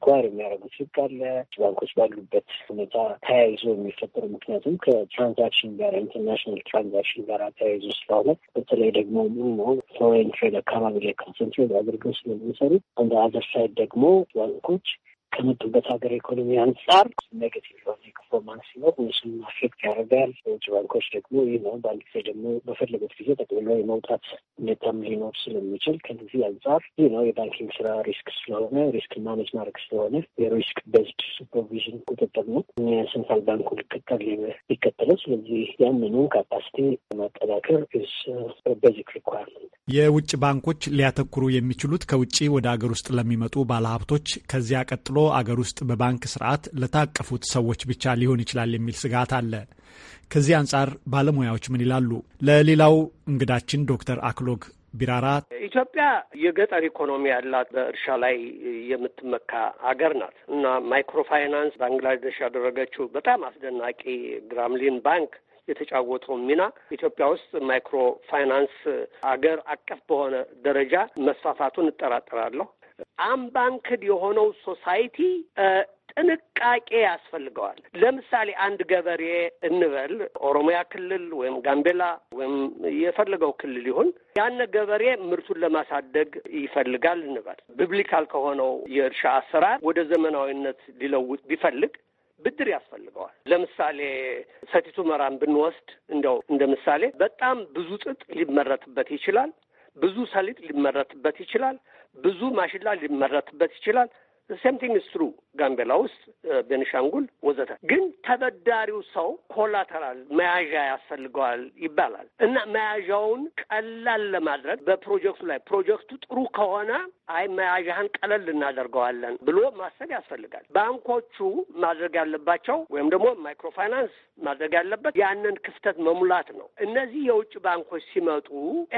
ጓር የሚያደርጉት ህግ አለ። ባንኮች ባሉበት ሁኔታ ተያይዞ የሚፈጠሩ ምክንያቱም ከትራንዛክሽን ጋር ኢንተርናሽናል ትራንዛክሽን ጋር ተያይዞ ስለሆነ በተለይ ደግሞ ፎሬን ትሬድ አካባቢ ላይ ኮንሰንትሬት አድርገው ስለሚሰሩ እንደ አዘር ሳይድ ደግሞ ባንኮች ከመጡበት ሀገር ኢኮኖሚ አንጻር ኔጋቲቭ የሆነ ፐርፎርማንስ ሲኖር እነሱም አፌክት ያደርጋል። የውጭ ባንኮች ደግሞ ይህ ነው በአንድ ጊዜ ደግሞ በፈለጉት ጊዜ ጠቅልሎ የመውጣት ሁኔታም ሊኖር ስለሚችል ከዚህ አንጻር ይህ ነው የባንኪንግ ስራ ሪስክ ስለሆነ ሪስክ ማኔጅ ማድረግ ስለሆነ የሪስክ ቤዝድ ሱፐርቪዥን ቁጥጥር ነው ሴንትራል ባንኩ ሊከተል ሊከተለው። ስለዚህ ያንኑ ካፓሲቲ ማጠናከር ቤዚክ ሪኳርመንት የውጭ ባንኮች ሊያተኩሩ የሚችሉት ከውጭ ወደ ሀገር ውስጥ ለሚመጡ ባለሀብቶች ከዚያ ቀጥሎ አገር ውስጥ በባንክ ስርዓት ለታቀፉት ሰዎች ብቻ ሊሆን ይችላል የሚል ስጋት አለ። ከዚህ አንጻር ባለሙያዎች ምን ይላሉ? ለሌላው እንግዳችን ዶክተር አክሎግ ቢራራ ኢትዮጵያ የገጠር ኢኮኖሚ ያላት በእርሻ ላይ የምትመካ አገር ናት እና ማይክሮፋይናንስ ባንግላዴሽ ያደረገችው በጣም አስደናቂ ግራምሊን ባንክ የተጫወተው ሚና ኢትዮጵያ ውስጥ ማይክሮ ፋይናንስ አገር አቀፍ በሆነ ደረጃ መስፋፋቱን እጠራጠራለሁ። አምባንክድ የሆነው ሶሳይቲ ጥንቃቄ ያስፈልገዋል። ለምሳሌ አንድ ገበሬ እንበል ኦሮሚያ ክልል ወይም ጋምቤላ ወይም የፈለገው ክልል ይሁን ያነ ገበሬ ምርቱን ለማሳደግ ይፈልጋል እንበል ቢብሊካል ከሆነው የእርሻ አሰራር ወደ ዘመናዊነት ሊለውጥ ቢፈልግ ብድር ያስፈልገዋል። ለምሳሌ ሰቲት ሁመራን ብንወስድ እንደው እንደ ምሳሌ በጣም ብዙ ጥጥ ሊመረትበት ይችላል። ብዙ ሰሊጥ ሊመረትበት ይችላል። ብዙ ማሽላ ሊመረትበት ይችላል። ሴምቲንግ ስትሩ ጋምቤላ ውስጥ፣ ቤንሻንጉል ወዘተ። ግን ተበዳሪው ሰው ኮላተራል መያዣ ያስፈልገዋል ይባላል እና መያዣውን ቀላል ለማድረግ በፕሮጀክቱ ላይ ፕሮጀክቱ ጥሩ ከሆነ አይ መያዣህን ቀለል እናደርገዋለን ብሎ ማሰብ ያስፈልጋል። ባንኮቹ ማድረግ ያለባቸው ወይም ደግሞ ማይክሮ ፋይናንስ ማድረግ ያለበት ያንን ክፍተት መሙላት ነው። እነዚህ የውጭ ባንኮች ሲመጡ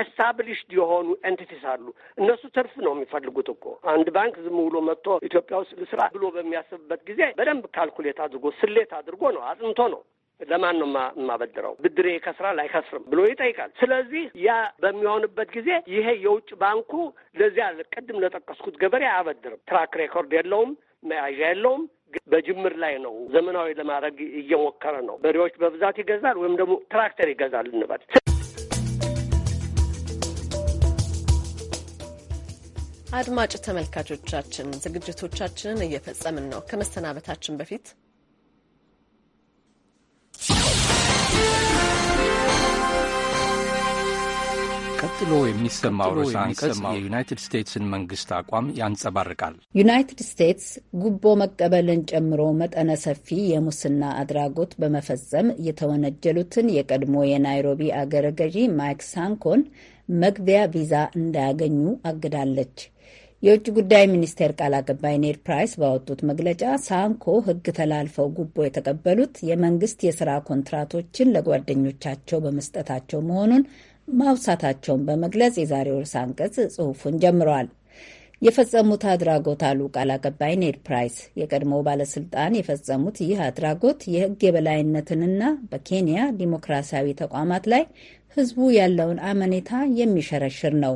ኤስታብሊሽድ የሆኑ ኤንቲቲስ አሉ። እነሱ ትርፍ ነው የሚፈልጉት እኮ አንድ ባንክ ዝም ብሎ መጥቶ ኢትዮጵያ ውስጥ ልስራ ብሎ በሚያስብበት ጊዜ በደንብ ካልኩሌት አድርጎ ስሌት አድርጎ ነው አጥንቶ ነው ለማን ነው የማበድረው? ብድሬ ይከስራል አይከስርም ብሎ ይጠይቃል። ስለዚህ ያ በሚሆንበት ጊዜ ይሄ የውጭ ባንኩ ለዚያ ቅድም ለጠቀስኩት ገበሬ አያበድርም። ትራክ ሬኮርድ የለውም፣ መያዣ የለውም። በጅምር ላይ ነው ዘመናዊ ለማድረግ እየሞከረ ነው። በሬዎች በብዛት ይገዛል ወይም ደግሞ ትራክተር ይገዛል እንበል። አድማጭ ተመልካቾቻችን ዝግጅቶቻችንን እየፈጸምን ነው። ከመሰናበታችን በፊት ቀጥሎ የሚሰማው ርዕሰ አንቀጽ የዩናይትድ ስቴትስን መንግስት አቋም ያንጸባርቃል። ዩናይትድ ስቴትስ ጉቦ መቀበልን ጨምሮ መጠነ ሰፊ የሙስና አድራጎት በመፈጸም የተወነጀሉትን የቀድሞ የናይሮቢ አገረ ገዢ ማይክ ሳንኮን መግቢያ ቪዛ እንዳያገኙ አግዳለች። የውጭ ጉዳይ ሚኒስቴር ቃል አቀባይ ኔድ ፕራይስ ባወጡት መግለጫ ሳንኮ ሕግ ተላልፈው ጉቦ የተቀበሉት የመንግስት የስራ ኮንትራቶችን ለጓደኞቻቸው በመስጠታቸው መሆኑን ማውሳታቸውን በመግለጽ የዛሬው ርዕሰ አንቀጽ ጽሑፉን ጀምረዋል። የፈጸሙት አድራጎት አሉ ቃል አቀባይ ኔድ ፕራይስ። የቀድሞው ባለስልጣን የፈጸሙት ይህ አድራጎት የህግ የበላይነትንና በኬንያ ዲሞክራሲያዊ ተቋማት ላይ ህዝቡ ያለውን አመኔታ የሚሸረሽር ነው።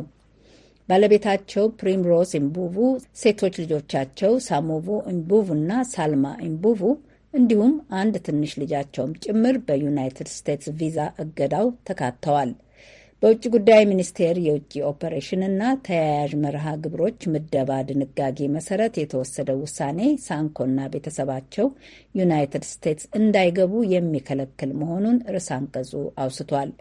ባለቤታቸው ፕሪምሮስ ኢምቡቡ፣ ሴቶች ልጆቻቸው ሳሞቮ ኢምቡቡ እና ሳልማ ኢምቡቡ እንዲሁም አንድ ትንሽ ልጃቸውም ጭምር በዩናይትድ ስቴትስ ቪዛ እገዳው ተካተዋል። በውጭ ጉዳይ ሚኒስቴር የውጭ ኦፐሬሽንና ተያያዥ መርሃ ግብሮች ምደባ ድንጋጌ መሰረት የተወሰደ ውሳኔ ሳንኮና ቤተሰባቸው ዩናይትድ ስቴትስ እንዳይገቡ የሚከለክል መሆኑን ርዕሰ አንቀጹ አውስቷል።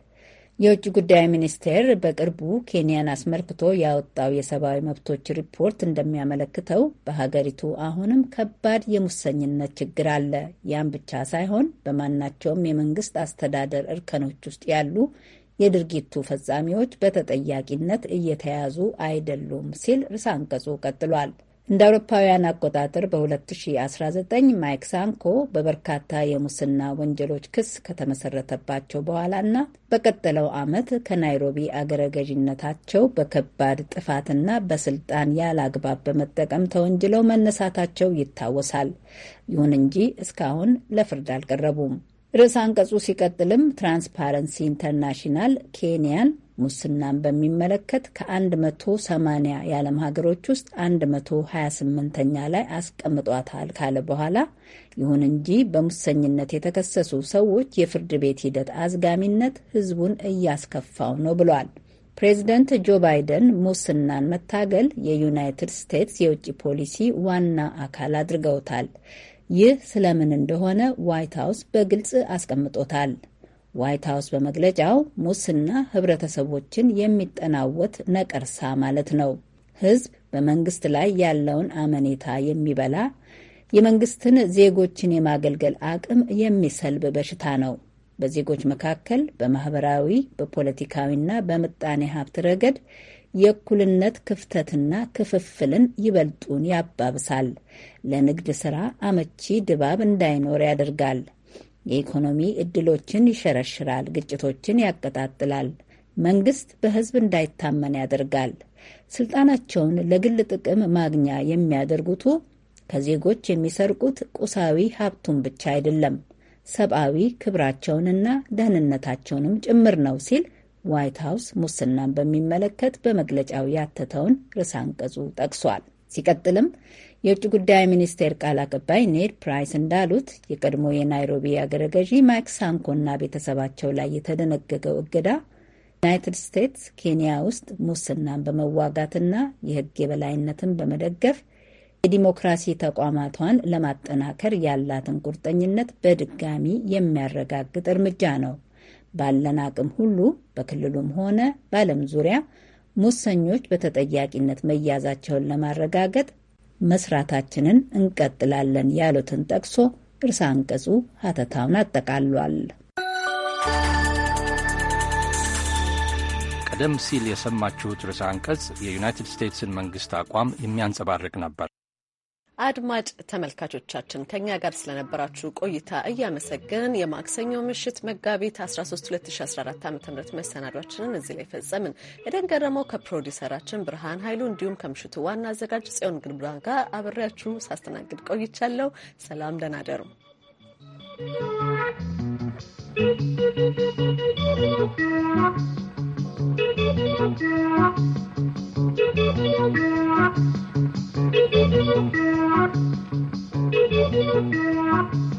የውጭ ጉዳይ ሚኒስቴር በቅርቡ ኬንያን አስመልክቶ ያወጣው የሰብአዊ መብቶች ሪፖርት እንደሚያመለክተው በሀገሪቱ አሁንም ከባድ የሙሰኝነት ችግር አለ። ያም ብቻ ሳይሆን በማናቸውም የመንግስት አስተዳደር እርከኖች ውስጥ ያሉ የድርጊቱ ፈጻሚዎች በተጠያቂነት እየተያዙ አይደሉም ሲል ርዕሰ አንቀጹ ቀጥሏል። እንደ አውሮፓውያን አቆጣጠር በ2019 ማይክ ሳንኮ በበርካታ የሙስና ወንጀሎች ክስ ከተመሰረተባቸው በኋላና በቀጠለው ዓመት ከናይሮቢ አገረ ገዥነታቸው በከባድ ጥፋትና በስልጣን ያለ አግባብ በመጠቀም ተወንጅለው መነሳታቸው ይታወሳል። ይሁን እንጂ እስካሁን ለፍርድ አልቀረቡም። ርዕስ አንቀጹ ሲቀጥልም ትራንስፓረንሲ ኢንተርናሽናል ኬንያን ሙስናን በሚመለከት ከ180 የዓለም ሀገሮች ውስጥ 128ኛ ላይ አስቀምጧታል ካለ በኋላ ይሁን እንጂ በሙሰኝነት የተከሰሱ ሰዎች የፍርድ ቤት ሂደት አዝጋሚነት ሕዝቡን እያስከፋው ነው ብሏል። ፕሬዚደንት ጆ ባይደን ሙስናን መታገል የዩናይትድ ስቴትስ የውጭ ፖሊሲ ዋና አካል አድርገውታል። ይህ ስለምን እንደሆነ ዋይት ሀውስ በግልጽ አስቀምጦታል። ዋይት ሀውስ በመግለጫው ሙስና ህብረተሰቦችን የሚጠናወት ነቀርሳ ማለት ነው፣ ህዝብ በመንግስት ላይ ያለውን አመኔታ የሚበላ የመንግስትን ዜጎችን የማገልገል አቅም የሚሰልብ በሽታ ነው። በዜጎች መካከል በማህበራዊ በፖለቲካዊና በምጣኔ ሀብት ረገድ የእኩልነት ክፍተትና ክፍፍልን ይበልጡን ያባብሳል። ለንግድ ስራ አመቺ ድባብ እንዳይኖር ያደርጋል። የኢኮኖሚ እድሎችን ይሸረሽራል። ግጭቶችን ያቀጣጥላል። መንግስት በህዝብ እንዳይታመን ያደርጋል። ስልጣናቸውን ለግል ጥቅም ማግኛ የሚያደርጉቱ ከዜጎች የሚሰርቁት ቁሳዊ ሀብቱን ብቻ አይደለም፣ ሰብአዊ ክብራቸውንና ደህንነታቸውንም ጭምር ነው ሲል ዋይት ሀውስ ሙስናን በሚመለከት በመግለጫው ያተተውን ርዕሰ አንቀጹ ጠቅሷል። ሲቀጥልም የውጭ ጉዳይ ሚኒስቴር ቃል አቀባይ ኔድ ፕራይስ እንዳሉት የቀድሞ የናይሮቢ አገረ ገዢ ማይክ ሳንኮና ቤተሰባቸው ላይ የተደነገገው እገዳ ዩናይትድ ስቴትስ ኬንያ ውስጥ ሙስናን በመዋጋትና የሕግ የበላይነትን በመደገፍ የዲሞክራሲ ተቋማቷን ለማጠናከር ያላትን ቁርጠኝነት በድጋሚ የሚያረጋግጥ እርምጃ ነው ባለን አቅም ሁሉ በክልሉም ሆነ በዓለም ዙሪያ ሙሰኞች በተጠያቂነት መያዛቸውን ለማረጋገጥ መስራታችንን እንቀጥላለን ያሉትን ጠቅሶ እርሳ አንቀጹ ሀተታውን አጠቃሏል። ቀደም ሲል የሰማችሁት ርዕሰ አንቀጽ የዩናይትድ ስቴትስን መንግሥት አቋም የሚያንጸባርቅ ነበር። አድማጭ ተመልካቾቻችን ከኛ ጋር ስለነበራችሁ ቆይታ እያመሰገን የማክሰኞ ምሽት መጋቢት 13 2014 ዓ ም መሰናዷችንን እዚህ ላይ ፈጸምን። የደንገረመው ከፕሮዲሰራችን ብርሃን ኃይሉ እንዲሁም ከምሽቱ ዋና አዘጋጅ ጽዮን ግንብራን ጋር አብሬያችሁ ሳስተናግድ ቆይቻለሁ። ሰላም ደህና ደሩ። Thank you.